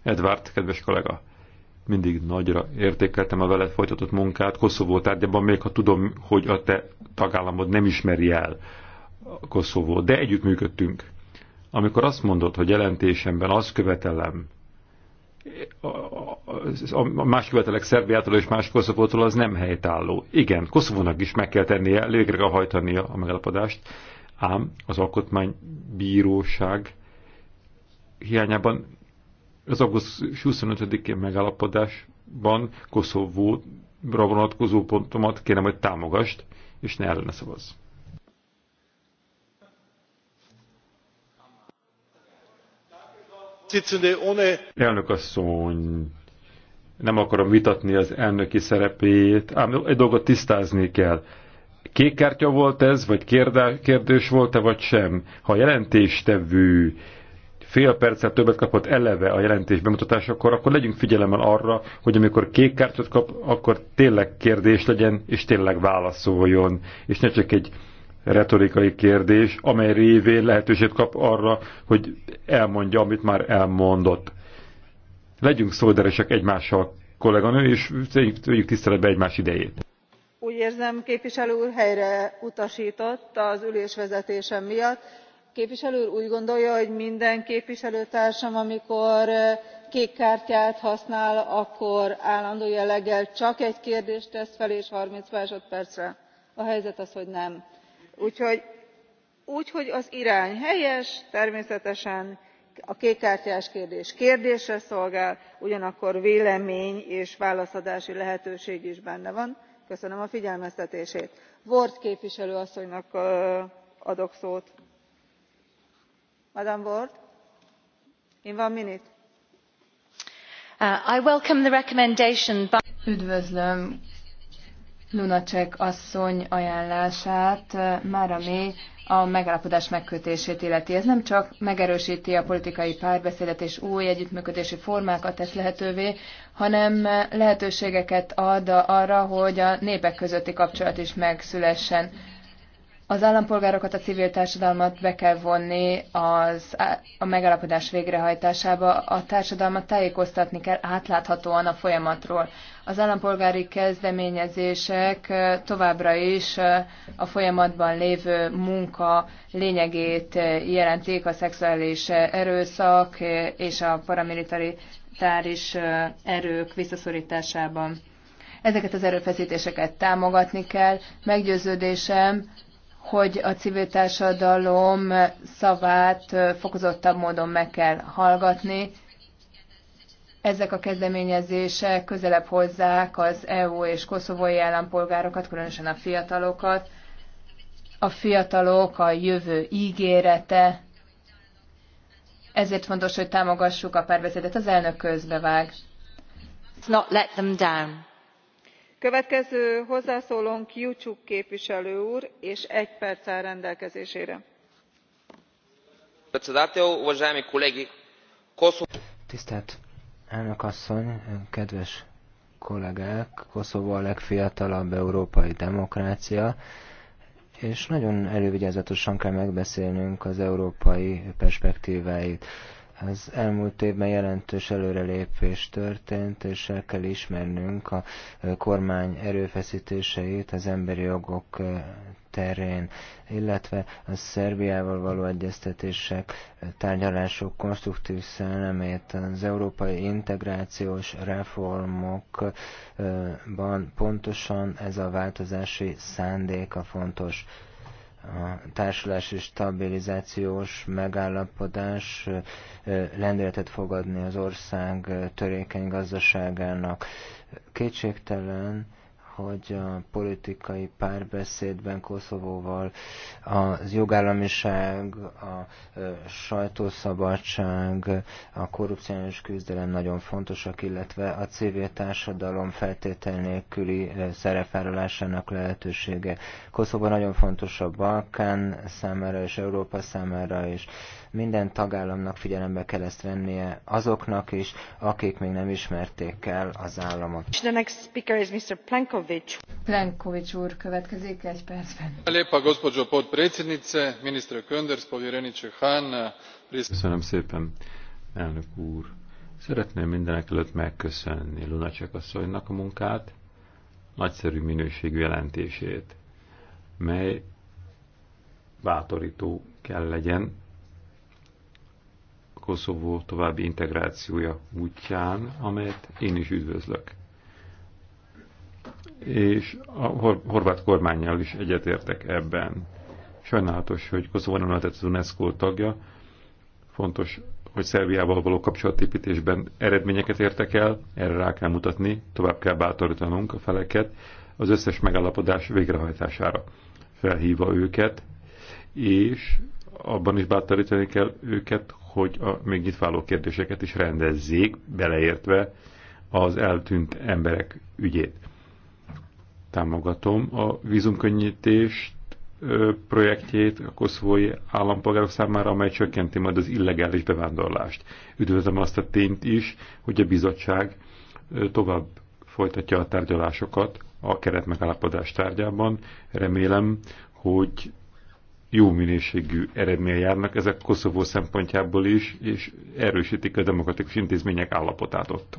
Edward, kedves kollega! mindig nagyra értékeltem a veled folytatott munkát Koszovó tárgyában, még ha tudom, hogy a te tagállamod nem ismeri el Koszovó, de együttműködtünk. Amikor azt mondod, hogy jelentésemben azt követelem, a, a, a más követelek Szerbiától és más Koszovótól az nem helytálló. Igen, Koszovónak is meg kell tennie, végre kell hajtania a megalapodást, ám az alkotmánybíróság hiányában az augusztus 25-én megállapodásban Koszovóra vonatkozó pontomat kérem, hogy támogast, és ne ellene szavazz. Elnök asszony, nem akarom vitatni az elnöki szerepét, ám egy dolgot tisztázni kell. Kék kártya volt ez, vagy kérdés volt-e, vagy sem? Ha jelentéstevő fél perccel többet kapott eleve a jelentés bemutatásakor, akkor legyünk figyelemmel arra, hogy amikor kék kártyát kap, akkor tényleg kérdés legyen, és tényleg válaszoljon, és ne csak egy retorikai kérdés, amely révén lehetőséget kap arra, hogy elmondja, amit már elmondott. Legyünk szolidarisek egymással, kolléganő, és tudjuk tiszteletbe egymás idejét úgy érzem képviselő úr helyre utasított az ülésvezetése miatt képviselő úr úgy gondolja hogy minden képviselőtársam amikor kék kártyát használ akkor állandó jelleggel csak egy kérdést tesz fel és thirty másodpercre? a helyzet az hogy nem. úgyhogy az irány helyes természetesen a kékkártyás kérdés kérdésre szolgál ugyanakkor vélemény és válaszadási lehetőség is benne van. köszönöm a figyelmeztetését. ward képviselő asszonynak adok szót. Uh, üdvözlöm lunacek asszony ajánlását uh, márami a megállapodás megkötését illeti. Ez nem csak megerősíti a politikai párbeszédet és új együttműködési formákat tesz lehetővé, hanem uh, lehetőségeket ad arra, hogy a népek közötti kapcsolat is megszülessen az állampolgárokat, a civil társadalmat be kell vonni az, a megállapodás végrehajtásába, a társadalmat tájékoztatni kell átláthatóan a folyamatról. Az állampolgári kezdeményezések továbbra is a folyamatban lévő munka lényegét jelentik a szexuális erőszak és a paramilitáris erők visszaszorításában. Ezeket az erőfeszítéseket támogatni kell. Meggyőződésem, hogy a civil társadalom szavát fokozottabb módon meg kell hallgatni. Ezek a kezdeményezések közelebb hozzák az EU és koszovói állampolgárokat, különösen a fiatalokat. A fiatalok a jövő ígérete. Ezért fontos, hogy támogassuk a párbeszédet. Az elnök közbevág. Let's not let them down következő hozzászólónk gyurcsuk képviselő úr és egy perc áll rendelkezésére. tisztelt elnök asszony kedves kollégák! koszovó a legfiatalabb európai demokrácia és nagyon elővigyázatosan kell megbeszélnünk az európai perspektváit az hát elmúlt évben jelentős előrelépés történt, és el kell ismernünk a kormány erőfeszítéseit az emberi jogok terén, illetve a Szerbiával való egyeztetések, tárgyalások konstruktív szellemét, az európai integrációs reformokban pontosan ez a változási szándéka fontos a társulás és stabilizációs megállapodás lendületet fogadni az ország törékeny gazdaságának. Kétségtelen, hogy a politikai párbeszédben Koszovóval az jogállamiság, a sajtószabadság, a korrupciós küzdelem nagyon fontosak, illetve a civil társadalom feltétel nélküli szerepvállalásának lehetősége. Koszovó nagyon fontos a Balkán számára és Európa számára is. És minden tagállamnak figyelembe kell ezt vennie azoknak is, akik még nem ismerték el az államot. The next speaker is Mr. Plankovic. Plankovic úr következik egy percben. Lépa, gospođo podpredsjednice, ministre Könders, povjereniče Hahn. Köszönöm szépen, elnök úr. Szeretném mindenek előtt megköszönni Lunacek asszonynak a munkát, nagyszerű minőségű jelentését, mely bátorító kell legyen Koszovó további integrációja útján, amelyet én is üdvözlök. És a hor horvát kormányjal is egyetértek ebben. Sajnálatos, hogy Koszovó nem lehetett az UNESCO tagja. Fontos, hogy Szerbiával való kapcsolatépítésben eredményeket értek el, erre rá kell mutatni, tovább kell bátorítanunk a feleket az összes megállapodás végrehajtására. Felhívva őket, és abban is bátorítani kell őket, hogy a még nyitváló kérdéseket is rendezzék, beleértve az eltűnt emberek ügyét. Támogatom a vízumkönnyítést projektjét a koszovói állampolgárok számára, amely csökkenti majd az illegális bevándorlást. Üdvözlöm azt a tényt is, hogy a bizottság tovább folytatja a tárgyalásokat a keretmegállapodás tárgyában. Remélem, hogy jó minőségű eredmény járnak, ezek Koszovó szempontjából is, és erősítik a demokratikus intézmények állapotát ott.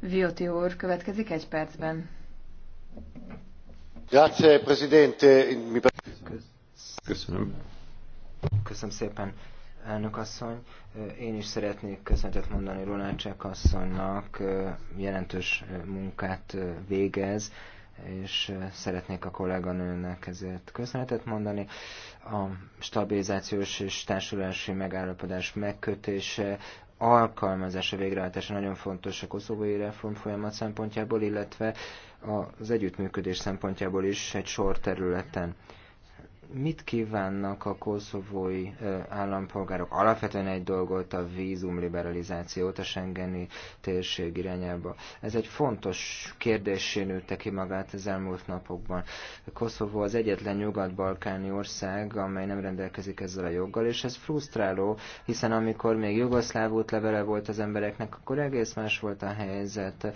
Vioti úr, következik egy percben. Grazie, Presidente. Köszönöm. Köszönöm szépen, elnök asszony. Én is szeretnék köszönetet mondani Ronácsák asszonynak, jelentős munkát végez és szeretnék a kolléganőnek ezért köszönetet mondani. A stabilizációs és társulási megállapodás megkötése alkalmazása, végrehajtása nagyon fontos a koszovói reform folyamat szempontjából, illetve az együttműködés szempontjából is egy sor területen mit kívánnak a koszovói állampolgárok? Alapvetően egy dolgot, a vízumliberalizációt a Schengeni térség irányába. Ez egy fontos kérdésé nőtte ki magát az elmúlt napokban. Koszovó az egyetlen nyugat-balkáni ország, amely nem rendelkezik ezzel a joggal, és ez frusztráló, hiszen amikor még jugoszláv útlevele volt az embereknek, akkor egész más volt a helyzet.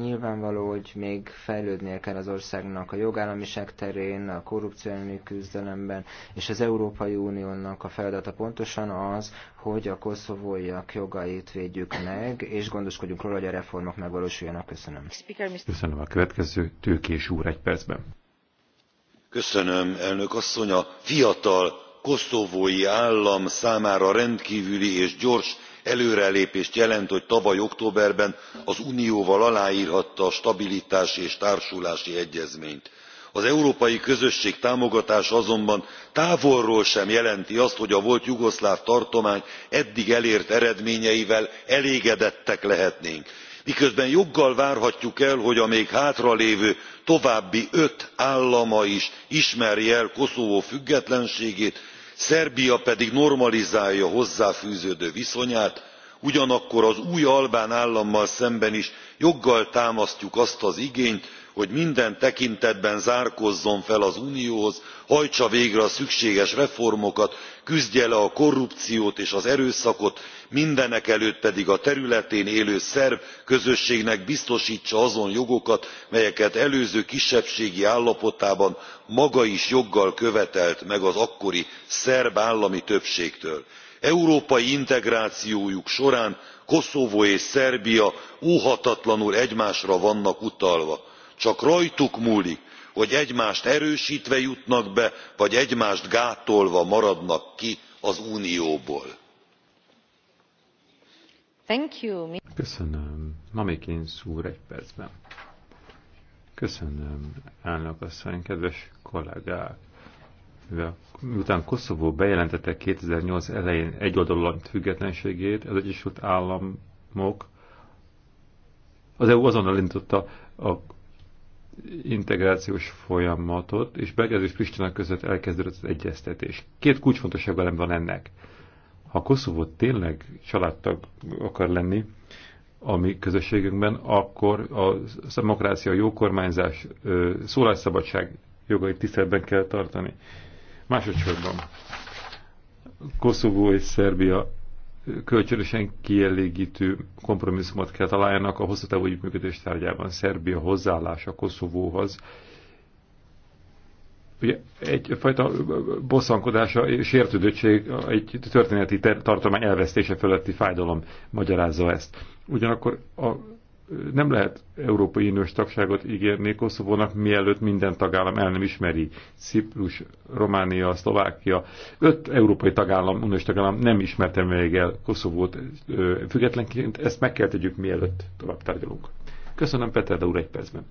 Nyilvánvaló, hogy még fejlődnie kell az országnak a jogállamiság terén, a korrupció elleni elleni küzdelemben, és az Európai Uniónak a feladata pontosan az, hogy a koszovóiak jogait védjük meg, és gondoskodjunk róla, hogy a reformok megvalósuljanak. Köszönöm. Köszönöm a következő tőkés úr egy percben. Köszönöm, elnök asszony. A fiatal koszovói állam számára rendkívüli és gyors előrelépést jelent hogy tavaly októberben az unióval aláírhatta a stabilitási és társulási egyezményt az európai közösség támogatása azonban távolról sem jelenti azt hogy a volt jugoszláv tartomány eddig elért eredményeivel elégedettek lehetnénk miközben joggal várhatjuk el hogy a még hátralévő további öt állama is ismerje el koszovó függetlenségét szerbia pedig normalizálja hozzá fűződő viszonyát ugyanakkor az új albán állammal szemben is joggal támasztjuk azt az igényt hogy minden tekintetben zárkózzon fel az unióhoz hajtsa végre a szükséges reformokat küzdje le a korrupciót és az erőszakot mindenekelőtt pedig a területén élő szerb közösségnek biztostsa azon jogokat melyeket előző kisebbségi állapotában maga is joggal követelt meg az akkori szerb állami többségtől. európai integrációjuk során koszovó és szerbia óhatatlanul egymásra vannak utalva csak rajtuk múlik hogy egymást erőstve jutnak be vagy egymást gátolva maradnak ki az unióból. Köszönöm. Mamikins úr egy percben. Köszönöm, elnök asszony, kedves kollégák! Miután Koszovó bejelentette 2008 elején egy függetlenségét, az Egyesült Államok, az EU azonnal indította a integrációs folyamatot, és Belgrád és Pristina között elkezdődött az egyeztetés. Két kulcsfontosabb elem van ennek. Ha Koszovó tényleg családtag akar lenni a mi közösségünkben, akkor a demokrácia, a jó kormányzás, szólásszabadság jogait tiszteletben kell tartani. Másodszorban Koszovó és Szerbia kölcsönösen kielégítő kompromisszumot kell találjanak a hosszatávú működés tárgyában Szerbia hozzáállása Koszovóhoz. Ugye egyfajta bosszankodása, sértődöttség, egy történeti tartomány elvesztése fölötti fájdalom magyarázza ezt. Ugyanakkor a nem lehet Európai Uniós tagságot ígérni Koszovónak, mielőtt minden tagállam el nem ismeri. Ciprus, Románia, Szlovákia, öt európai tagállam, uniós tagállam nem ismerte még el Koszovót függetlenként. Ezt meg kell tegyük, mielőtt tovább tárgyalunk. Köszönöm, Peter, de úr, egy percben.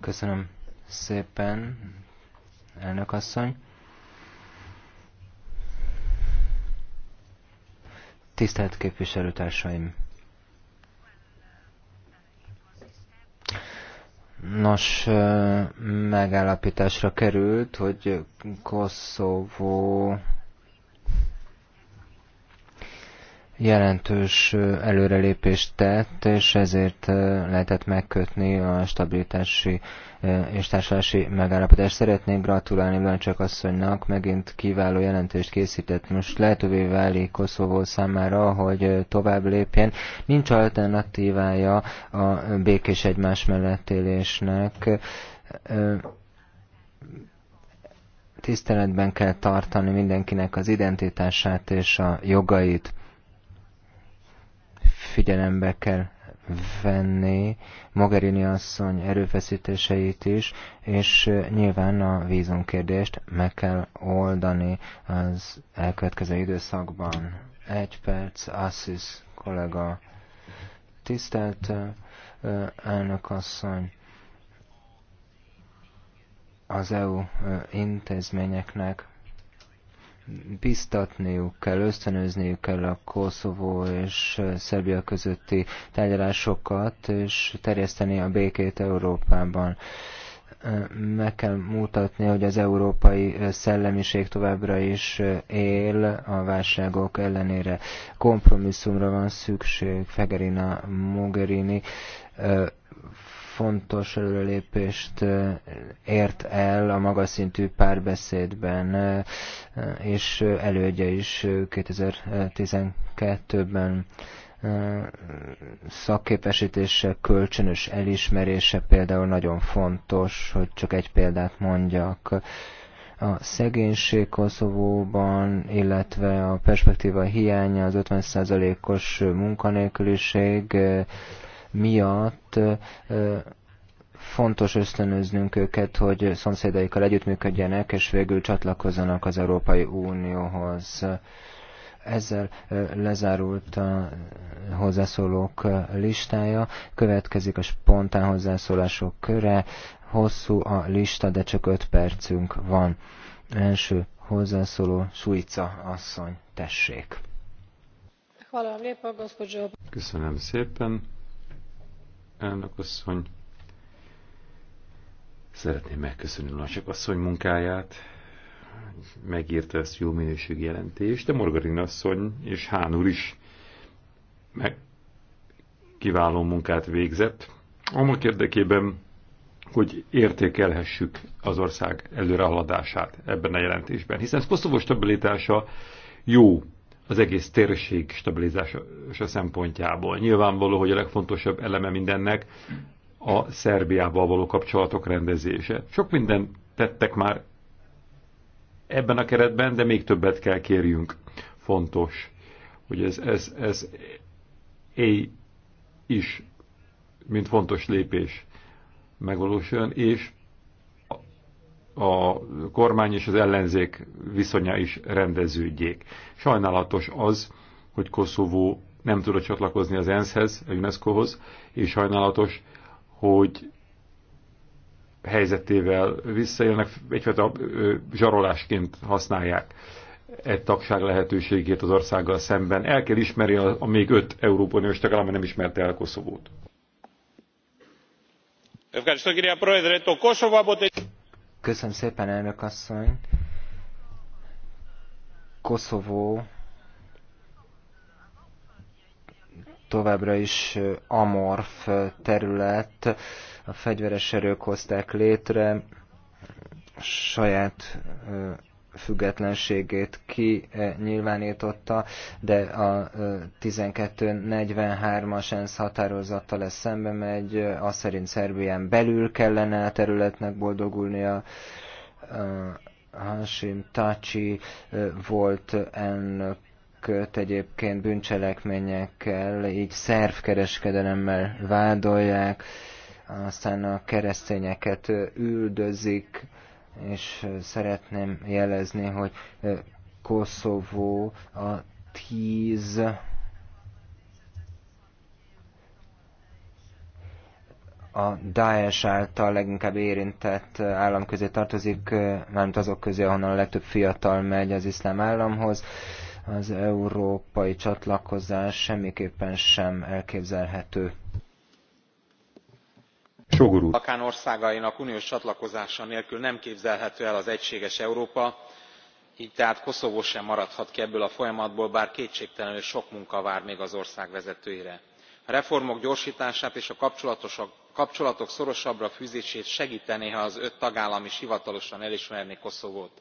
Köszönöm szépen, elnök asszony. Tisztelt képviselőtársaim! Nos, megállapításra került, hogy Koszovó jelentős előrelépést tett, és ezért lehetett megkötni a stabilitási és társulási megállapodást. Szeretnék gratulálni Blancsak asszonynak, megint kiváló jelentést készített. Most lehetővé válik Koszovó számára, hogy tovább lépjen. Nincs alternatívája a békés egymás mellett élésnek tiszteletben kell tartani mindenkinek az identitását és a jogait figyelembe kell venni Mogherini asszony erőfeszítéseit is, és nyilván a vízumkérdést meg kell oldani az elkövetkező időszakban. Egy perc, Assis kollega. Tisztelt elnök asszony, az EU intézményeknek biztatniuk kell, ösztönözniük kell a Koszovó és Szerbia közötti tárgyalásokat, és terjeszteni a békét Európában. Meg kell mutatni, hogy az európai szellemiség továbbra is él a válságok ellenére. Kompromisszumra van szükség, Fegerina Mogherini fontos előrelépést ért el a magas szintű párbeszédben, és elődje is 2012-ben szakképesítése, kölcsönös elismerése például nagyon fontos, hogy csak egy példát mondjak a szegénység Koszovóban, illetve a perspektíva hiánya, az 50%-os munkanélküliség miatt fontos ösztönöznünk őket, hogy szomszédaikkal együttműködjenek, és végül csatlakozzanak az Európai Unióhoz. Ezzel lezárult a hozzászólók listája. Következik a spontán hozzászólások köre. Hosszú a lista, de csak 5 percünk van. Első hozzászóló Suica asszony, tessék. Köszönöm szépen elnök asszony. Szeretném megköszönni a asszony munkáját. Megírta ezt jó minőségű jelentést, de Morgarin asszony és Hán úr is meg kiváló munkát végzett. Amok érdekében, hogy értékelhessük az ország előrehaladását ebben a jelentésben, hiszen ez Koszovó stabilitása jó az egész térség stabilizása szempontjából. Nyilvánvaló, hogy a legfontosabb eleme mindennek a Szerbiával való kapcsolatok rendezése. Sok mindent tettek már ebben a keretben, de még többet kell kérjünk. Fontos, hogy ez, ez, ez éj is, mint fontos lépés megvalósuljon, és a kormány és az ellenzék viszonya is rendeződjék. Sajnálatos az, hogy Koszovó nem tudott csatlakozni az ENSZ-hez, a UNESCO-hoz, és sajnálatos, hogy helyzetével visszaélnek, egyfajta zsarolásként használják egy tagság lehetőségét az országgal szemben. El kell ismerni a, a még öt Európai Uniós tagállam, nem ismerte el Koszovót. Köszönöm szépen, elnök asszony. Koszovó továbbra is amorf terület, a fegyveres erők hozták létre, saját függetlenségét ki nyilvánította, de a 1243-as ENSZ határozattal ez szembe megy, az szerint Szerbián belül kellene a területnek boldogulnia, Hashim Tachi volt elnök egyébként bűncselekményekkel, így kereskedelemmel vádolják, aztán a keresztényeket üldözik, és szeretném jelezni, hogy Koszovó a tíz a Daesh által leginkább érintett állam közé tartozik, mármint azok közé, ahonnan a legtöbb fiatal megy az iszlám államhoz. Az európai csatlakozás semmiképpen sem elképzelhető. A Balkán országainak uniós csatlakozása nélkül nem képzelhető el az egységes Európa, gy tehát koszovó sem maradhat ki ebből a folyamatból bár kétségtelenül sok munka vár még az ország vezetőire. a reformok gyorstását és a kapcsolatok szorosabbra fűzését segtené ha az öt tagállam is hivatalosan elismerné koszovót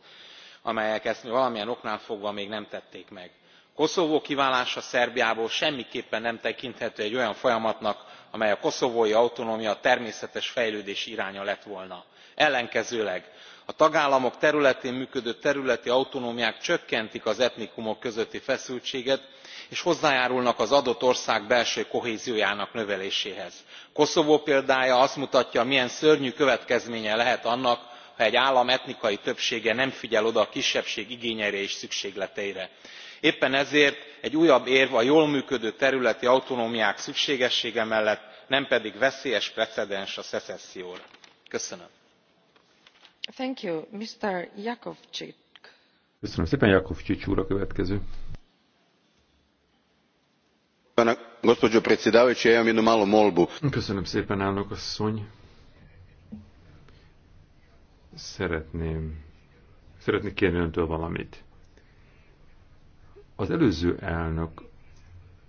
amelyek ezt valamilyen oknál fogva még nem tették meg. koszovó kiválása szerbiából semmiképpen nem tekinthető egy olyan folyamatnak amely a koszovói autonómia természetes fejlődési iránya lett volna. ellenkezőleg a tagállamok területén működő területi autonómiák csökkentik az etnikumok közötti feszültséget és hozzájárulnak az adott ország belső kohéziójának növeléséhez. koszovó példája azt mutatja milyen szörnyű következménye lehet annak ha egy állam etnikai többsége nem figyel oda a kisebbség igényeire és szükségleteire éppen ezért egy újabb érv a jól működő területi autonómiák szükségessége mellett nem pedig veszélyes precedens a szecesszióra. köszönöm. köszönöm szépen úr a következő. imam jednu malu molbu. köszönöm szépen elnök asszony. szeretnék kérni öntől valamit az előző elnök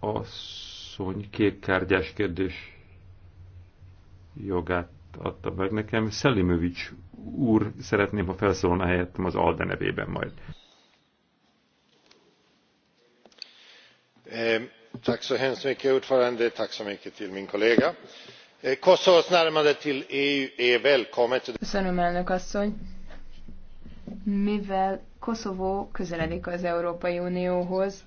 asszony kékkárgyás kérdés jogát adta meg nekem. Szelimovics úr, szeretném, ha felszólna helyettem az Alde nevében majd. Tack så hemskt mycket, ordförande. Tack så mycket till min kollega. E, Kosovos närmande till e EU är välkommet. Köszönöm, elnök asszony. Mivel Koszovó közeledik az Európai Unióhoz.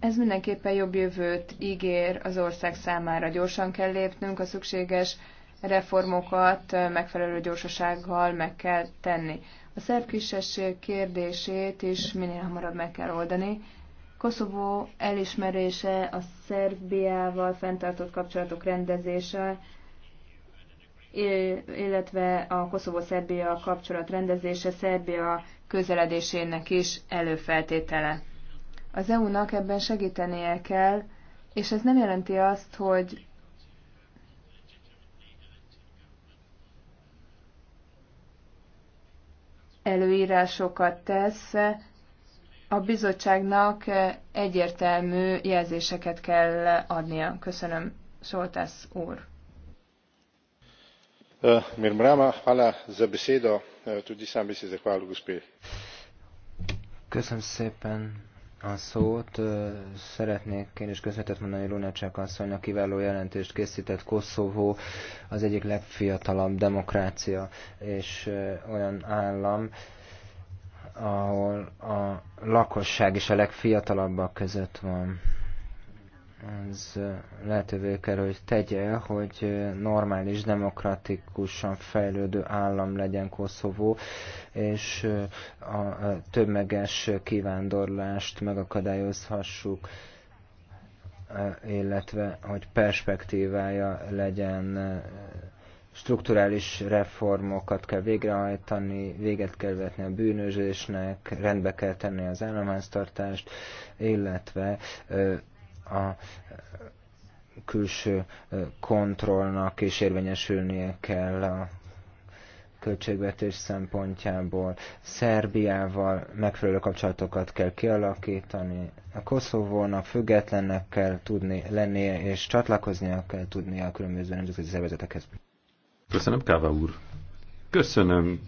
Ez mindenképpen jobb jövőt ígér az ország számára. Gyorsan kell lépnünk, a szükséges reformokat megfelelő gyorsasággal meg kell tenni. A szerb kisebbség kérdését is minél hamarabb meg kell oldani. Koszovó elismerése, a Szerbiával fenntartott kapcsolatok rendezése, illetve a Koszovó-Szerbia kapcsolat rendezése Szerbia közeledésének is előfeltétele. Az EU-nak ebben segítenie kell, és ez nem jelenti azt, hogy előírásokat tesz, a bizottságnak egyértelmű jelzéseket kell adnia. Köszönöm, Soltász úr. Eh, eh, tudi sam bi se zahvalil gospe. köszönöm szépen a szót. Eh, szeretnék én is köszönetet mondani Lunacek asszonynak kiváló jelentést készített Koszovó, az egyik legfiatalabb demokrácia és olyan állam, ahol a lakosság is a legfiatalabbak között van az lehetővé kell, hogy tegye, hogy normális, demokratikusan fejlődő állam legyen Koszovó, és a tömeges kivándorlást megakadályozhassuk, illetve hogy perspektívája legyen strukturális reformokat kell végrehajtani, véget kell vetni a bűnözésnek, rendbe kell tenni az államháztartást, illetve a külső kontrollnak és érvényesülnie kell a költségvetés szempontjából. Szerbiával megfelelő kapcsolatokat kell kialakítani, a Koszovónak függetlennek kell tudni lennie, és csatlakoznia kell tudnia a különböző nemzetközi szervezetekhez. Köszönöm, Káva úr. Köszönöm,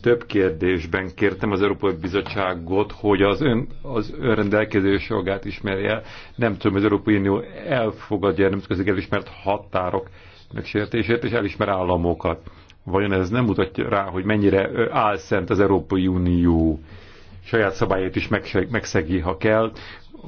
több kérdésben kértem az Európai Bizottságot, hogy az, ön, az önrendelkezés jogát ismerje Nem tudom, az Európai Unió elfogadja a nemzetközi elismert határok megsértését, és elismer államokat. Vajon ez nem mutatja rá, hogy mennyire álszent az Európai Unió saját szabályait is megszegi, ha kell,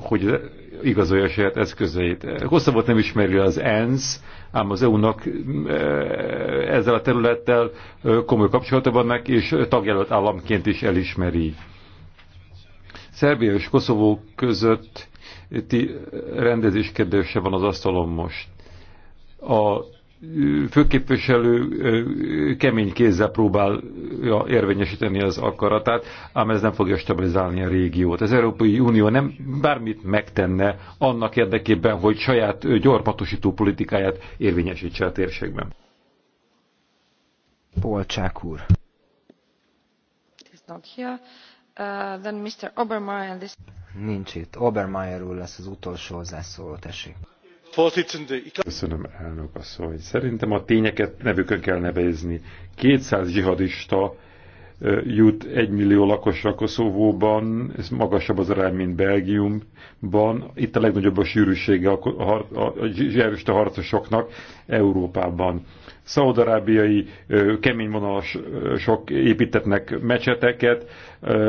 hogy igazolja a saját eszközeit. Koszovót nem ismeri az ENSZ, ám az EU-nak eh, ezzel a területtel eh, komoly kapcsolata vannak, és tagjelölt államként is elismeri. Szerbia és Koszovó között rendezés kérdése van az asztalon most. A főképviselő kemény kézzel próbálja érvényesíteni az akaratát, ám ez nem fogja stabilizálni a régiót. Az Európai Unió nem bármit megtenne annak érdekében, hogy saját gyarmatosító politikáját érvényesítse a térségben. Polcsák úr. Uh, Nincs itt. Obermeyer úr lesz az utolsó hozzászóló, tessék. Köszönöm, elnök asszony. Szerintem a tényeket nevükön kell nevezni. 200 zsihadista jut 1 millió lakosra Koszovóban, ez magasabb az arány, mint Belgiumban. Itt a legnagyobb a sűrűsége a, a, a, a zsihadista harcosoknak Európában. Szaudarábiai kemény sok építetnek mecseteket,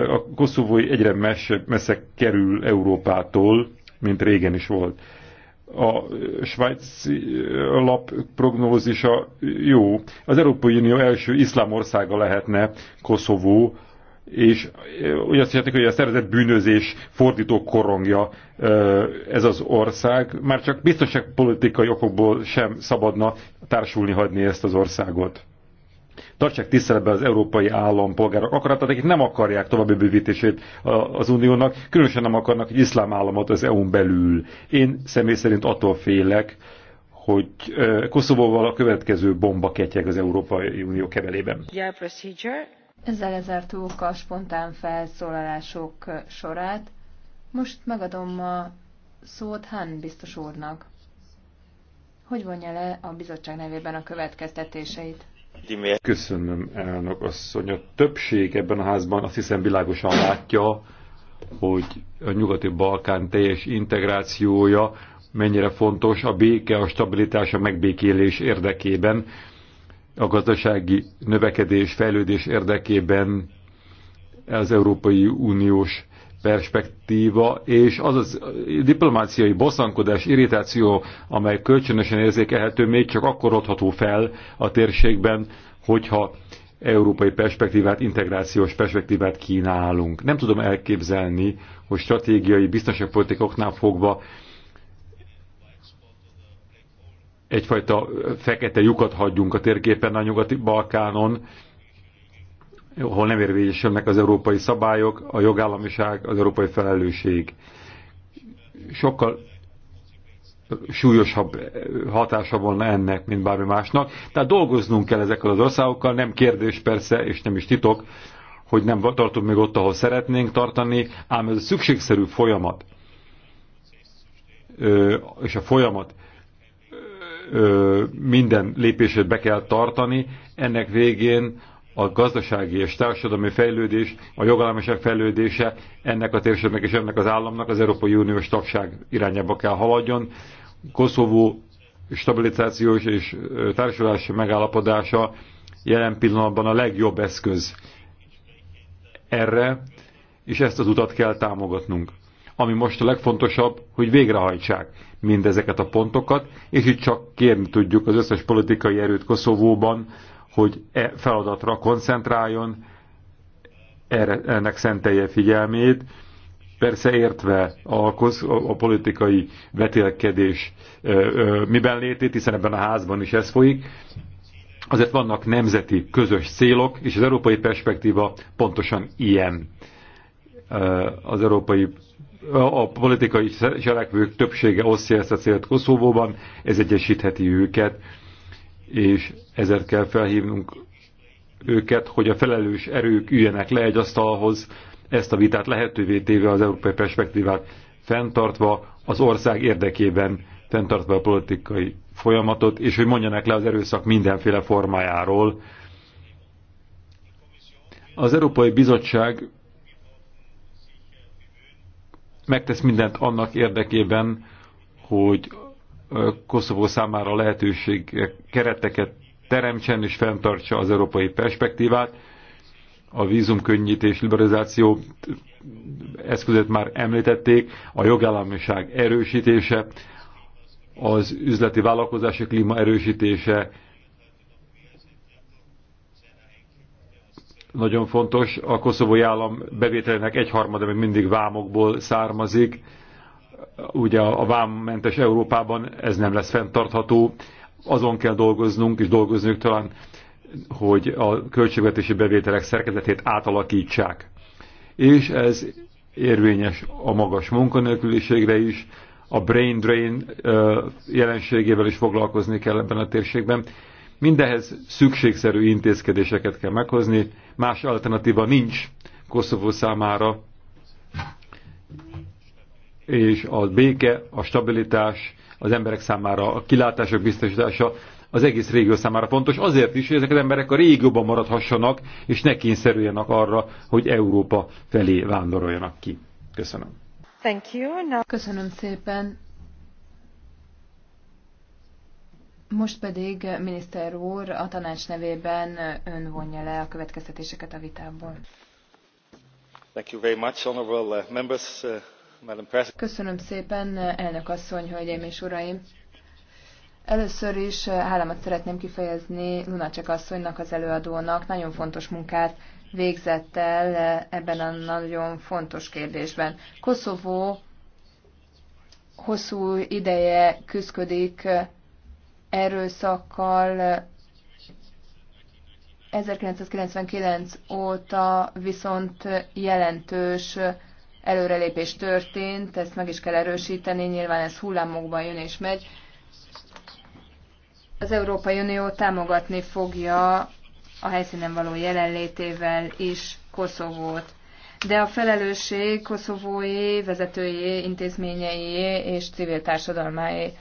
a koszovói egyre messze, messze kerül Európától, mint régen is volt a svájci lap prognózisa jó. Az Európai Unió első iszlám országa lehetne Koszovó, és úgy azt hihetik, hogy a szervezett bűnözés fordító korongja ez az ország. Már csak biztonságpolitikai okokból sem szabadna társulni hagyni ezt az országot tartsák tiszteletben az európai állampolgárok akaratát, akik nem akarják további bővítését az uniónak, különösen nem akarnak egy iszlám államot az EU-n belül. Én személy szerint attól félek, hogy Koszovóval a következő bomba ketyeg az Európai Unió kebelében. Ezzel lezártuk a spontán felszólalások sorát. Most megadom a szót Hán biztos úrnak. Hogy vonja le a bizottság nevében a következtetéseit? Köszönöm, elnök asszony. A többség ebben a házban azt hiszem világosan látja, hogy a nyugati Balkán teljes integrációja mennyire fontos a béke, a stabilitás, a megbékélés érdekében, a gazdasági növekedés, fejlődés érdekében, az Európai Uniós perspektíva, és az a diplomáciai bosszankodás, irritáció, amely kölcsönösen érzékelhető, még csak akkor adható fel a térségben, hogyha európai perspektívát, integrációs perspektívát kínálunk. Nem tudom elképzelni, hogy stratégiai biztonságpolitikoknál fogva egyfajta fekete lyukat hagyjunk a térképen a nyugati Balkánon, ahol nem érvényesülnek az európai szabályok, a jogállamiság, az európai felelősség. Sokkal súlyosabb hatása volna ennek, mint bármi másnak. Tehát dolgoznunk kell ezekkel az országokkal, nem kérdés persze, és nem is titok, hogy nem tartunk még ott, ahol szeretnénk tartani, ám ez a szükségszerű folyamat, és a folyamat minden lépését be kell tartani, ennek végén a gazdasági és társadalmi fejlődés, a jogállamiság fejlődése ennek a térségnek és ennek az államnak az Európai Uniós tagság irányába kell haladjon. Koszovó stabilizációs és társulási megállapodása jelen pillanatban a legjobb eszköz erre, és ezt az utat kell támogatnunk. Ami most a legfontosabb, hogy végrehajtsák mindezeket a pontokat, és itt csak kérni tudjuk az összes politikai erőt Koszovóban, hogy e feladatra koncentráljon, erre, ennek szentelje figyelmét, persze értve a, a politikai vetélkedés ö, ö, miben létét, hiszen ebben a házban is ez folyik, azért vannak nemzeti közös célok, és az európai perspektíva pontosan ilyen. Az európai a politikai cselekvők többsége osztja ezt a célt Koszovóban, ez egyesítheti őket, és ezért kell felhívnunk őket, hogy a felelős erők üljenek le egy asztalhoz, ezt a vitát lehetővé téve az európai perspektívát fenntartva, az ország érdekében fenntartva a politikai folyamatot, és hogy mondjanak le az erőszak mindenféle formájáról. Az Európai Bizottság megtesz mindent annak érdekében, hogy Koszovó számára lehetőség kereteket teremtsen és fenntartsa az európai perspektívát. A vízumkönnyítés, liberalizáció eszközét már említették, a jogállamiság erősítése, az üzleti vállalkozási klíma erősítése nagyon fontos. A koszovói állam bevételének egyharmada még mindig vámokból származik, Ugye a vámmentes Európában ez nem lesz fenntartható, azon kell dolgoznunk, és dolgoznunk talán, hogy a költségvetési bevételek szerkezetét átalakítsák. És ez érvényes a magas munkanélküliségre is, a brain drain jelenségével is foglalkozni kell ebben a térségben. Mindehez szükségszerű intézkedéseket kell meghozni, más alternatíva nincs Koszovó számára, és a béke, a stabilitás, az emberek számára a kilátások biztosítása az egész régió számára fontos, azért is, hogy ezek az emberek a régióban maradhassanak, és ne kényszerüljenek arra, hogy Európa felé vándoroljanak ki. Köszönöm. Thank you. Now... Köszönöm szépen. Most pedig, eh, miniszter úr, a tanács nevében eh, ön vonja le a következtetéseket a vitából. Thank you very much, honorable eh, members. Köszönöm szépen, elnök asszony, hölgyeim és uraim! Először is eh, hálámat szeretném kifejezni Lunacek asszonynak, az előadónak. Nagyon fontos munkát végzett el eh, ebben a nagyon fontos kérdésben. Koszovó hosszú ideje küzdködik eh, erőszakkal, 1999 óta viszont jelentős előrelépés történt, ezt meg is kell erősíteni, nyilván ez hullámokban jön és megy. Az Európai Unió támogatni fogja a helyszínen való jelenlétével is Koszovót. De a felelősség koszovói, vezetői, intézményei és civil társadalmáé.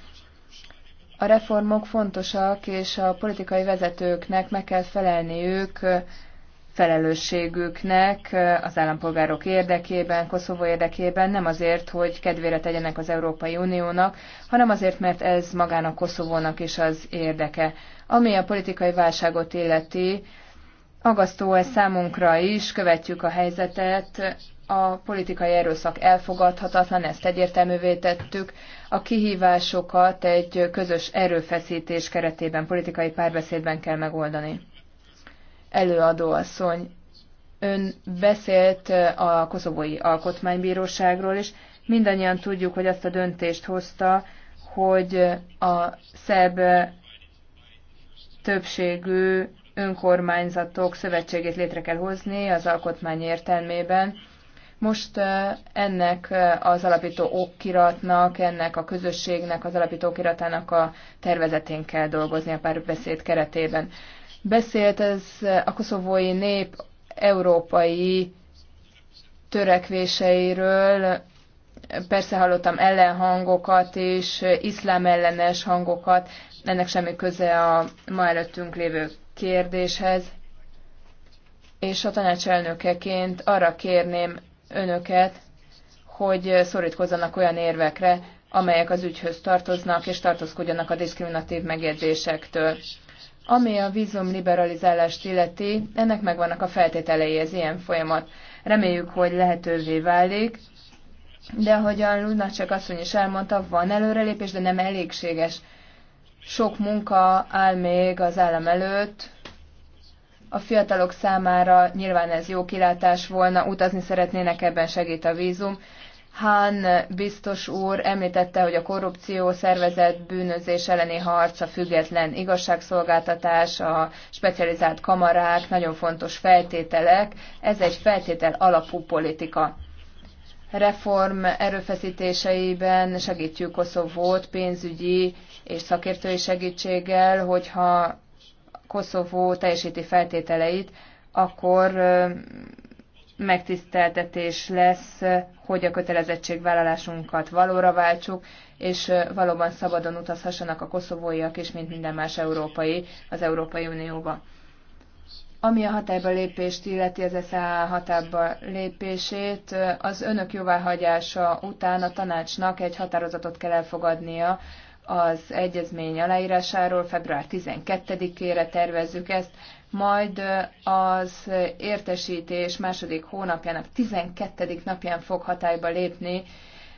A reformok fontosak, és a politikai vezetőknek meg kell felelniük felelősségüknek az állampolgárok érdekében, Koszovó érdekében, nem azért, hogy kedvére tegyenek az Európai Uniónak, hanem azért, mert ez magának Koszovónak is az érdeke. Ami a politikai válságot illeti, agasztó ez számunkra is, követjük a helyzetet, a politikai erőszak elfogadhatatlan, ezt egyértelművé tettük. A kihívásokat egy közös erőfeszítés keretében, politikai párbeszédben kell megoldani előadóasszony. Ön beszélt a koszovói alkotmánybíróságról is. Mindannyian tudjuk, hogy azt a döntést hozta, hogy a szerb többségű önkormányzatok szövetségét létre kell hozni az alkotmány értelmében. Most ennek az alapító okiratnak, ennek a közösségnek, az alapító okiratának a tervezetén kell dolgozni a párbeszéd keretében beszélt, ez a koszovói nép európai törekvéseiről. Persze hallottam ellenhangokat és iszlám ellenes hangokat, ennek semmi köze a ma előttünk lévő kérdéshez. És a tanácselnökeként arra kérném önöket, hogy szorítkozzanak olyan érvekre, amelyek az ügyhöz tartoznak, és tartózkodjanak a diszkriminatív megjegyzésektől. Ami a vízum liberalizálást illeti, ennek megvannak a feltételei, ez ilyen folyamat. Reméljük, hogy lehetővé válik, de ahogyan Lunacek asszony is elmondta, van előrelépés, de nem elégséges. Sok munka áll még az állam előtt. A fiatalok számára nyilván ez jó kilátás volna, utazni szeretnének, ebben segít a vízum, Hán biztos úr említette, hogy a korrupció szervezett bűnözés elleni harc, a független igazságszolgáltatás, a specializált kamarák nagyon fontos feltételek. Ez egy feltétel alapú politika reform erőfeszítéseiben segítjük Koszovót pénzügyi és szakértői segítséggel, hogyha Koszovó teljesíti feltételeit, akkor megtiszteltetés lesz, hogy a kötelezettségvállalásunkat valóra váltsuk, és valóban szabadon utazhassanak a koszovóiak is, mint minden más európai az Európai Unióba. Ami a hatályba lépést illeti, az SZA hatályba lépését, az önök jóváhagyása után a tanácsnak egy határozatot kell elfogadnia az egyezmény aláírásáról, február 12-ére tervezzük ezt, majd az értesítés második hónapjának 12. napján fog hatályba lépni.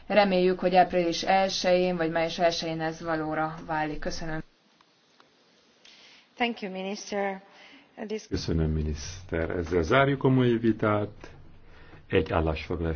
Reméljük, hogy április 1-én vagy május 1-én ez valóra válik. Köszönöm. Thank you, minister. Köszönöm, miniszter. Ezzel zárjuk a mai vitát. Egy állásfoglalás.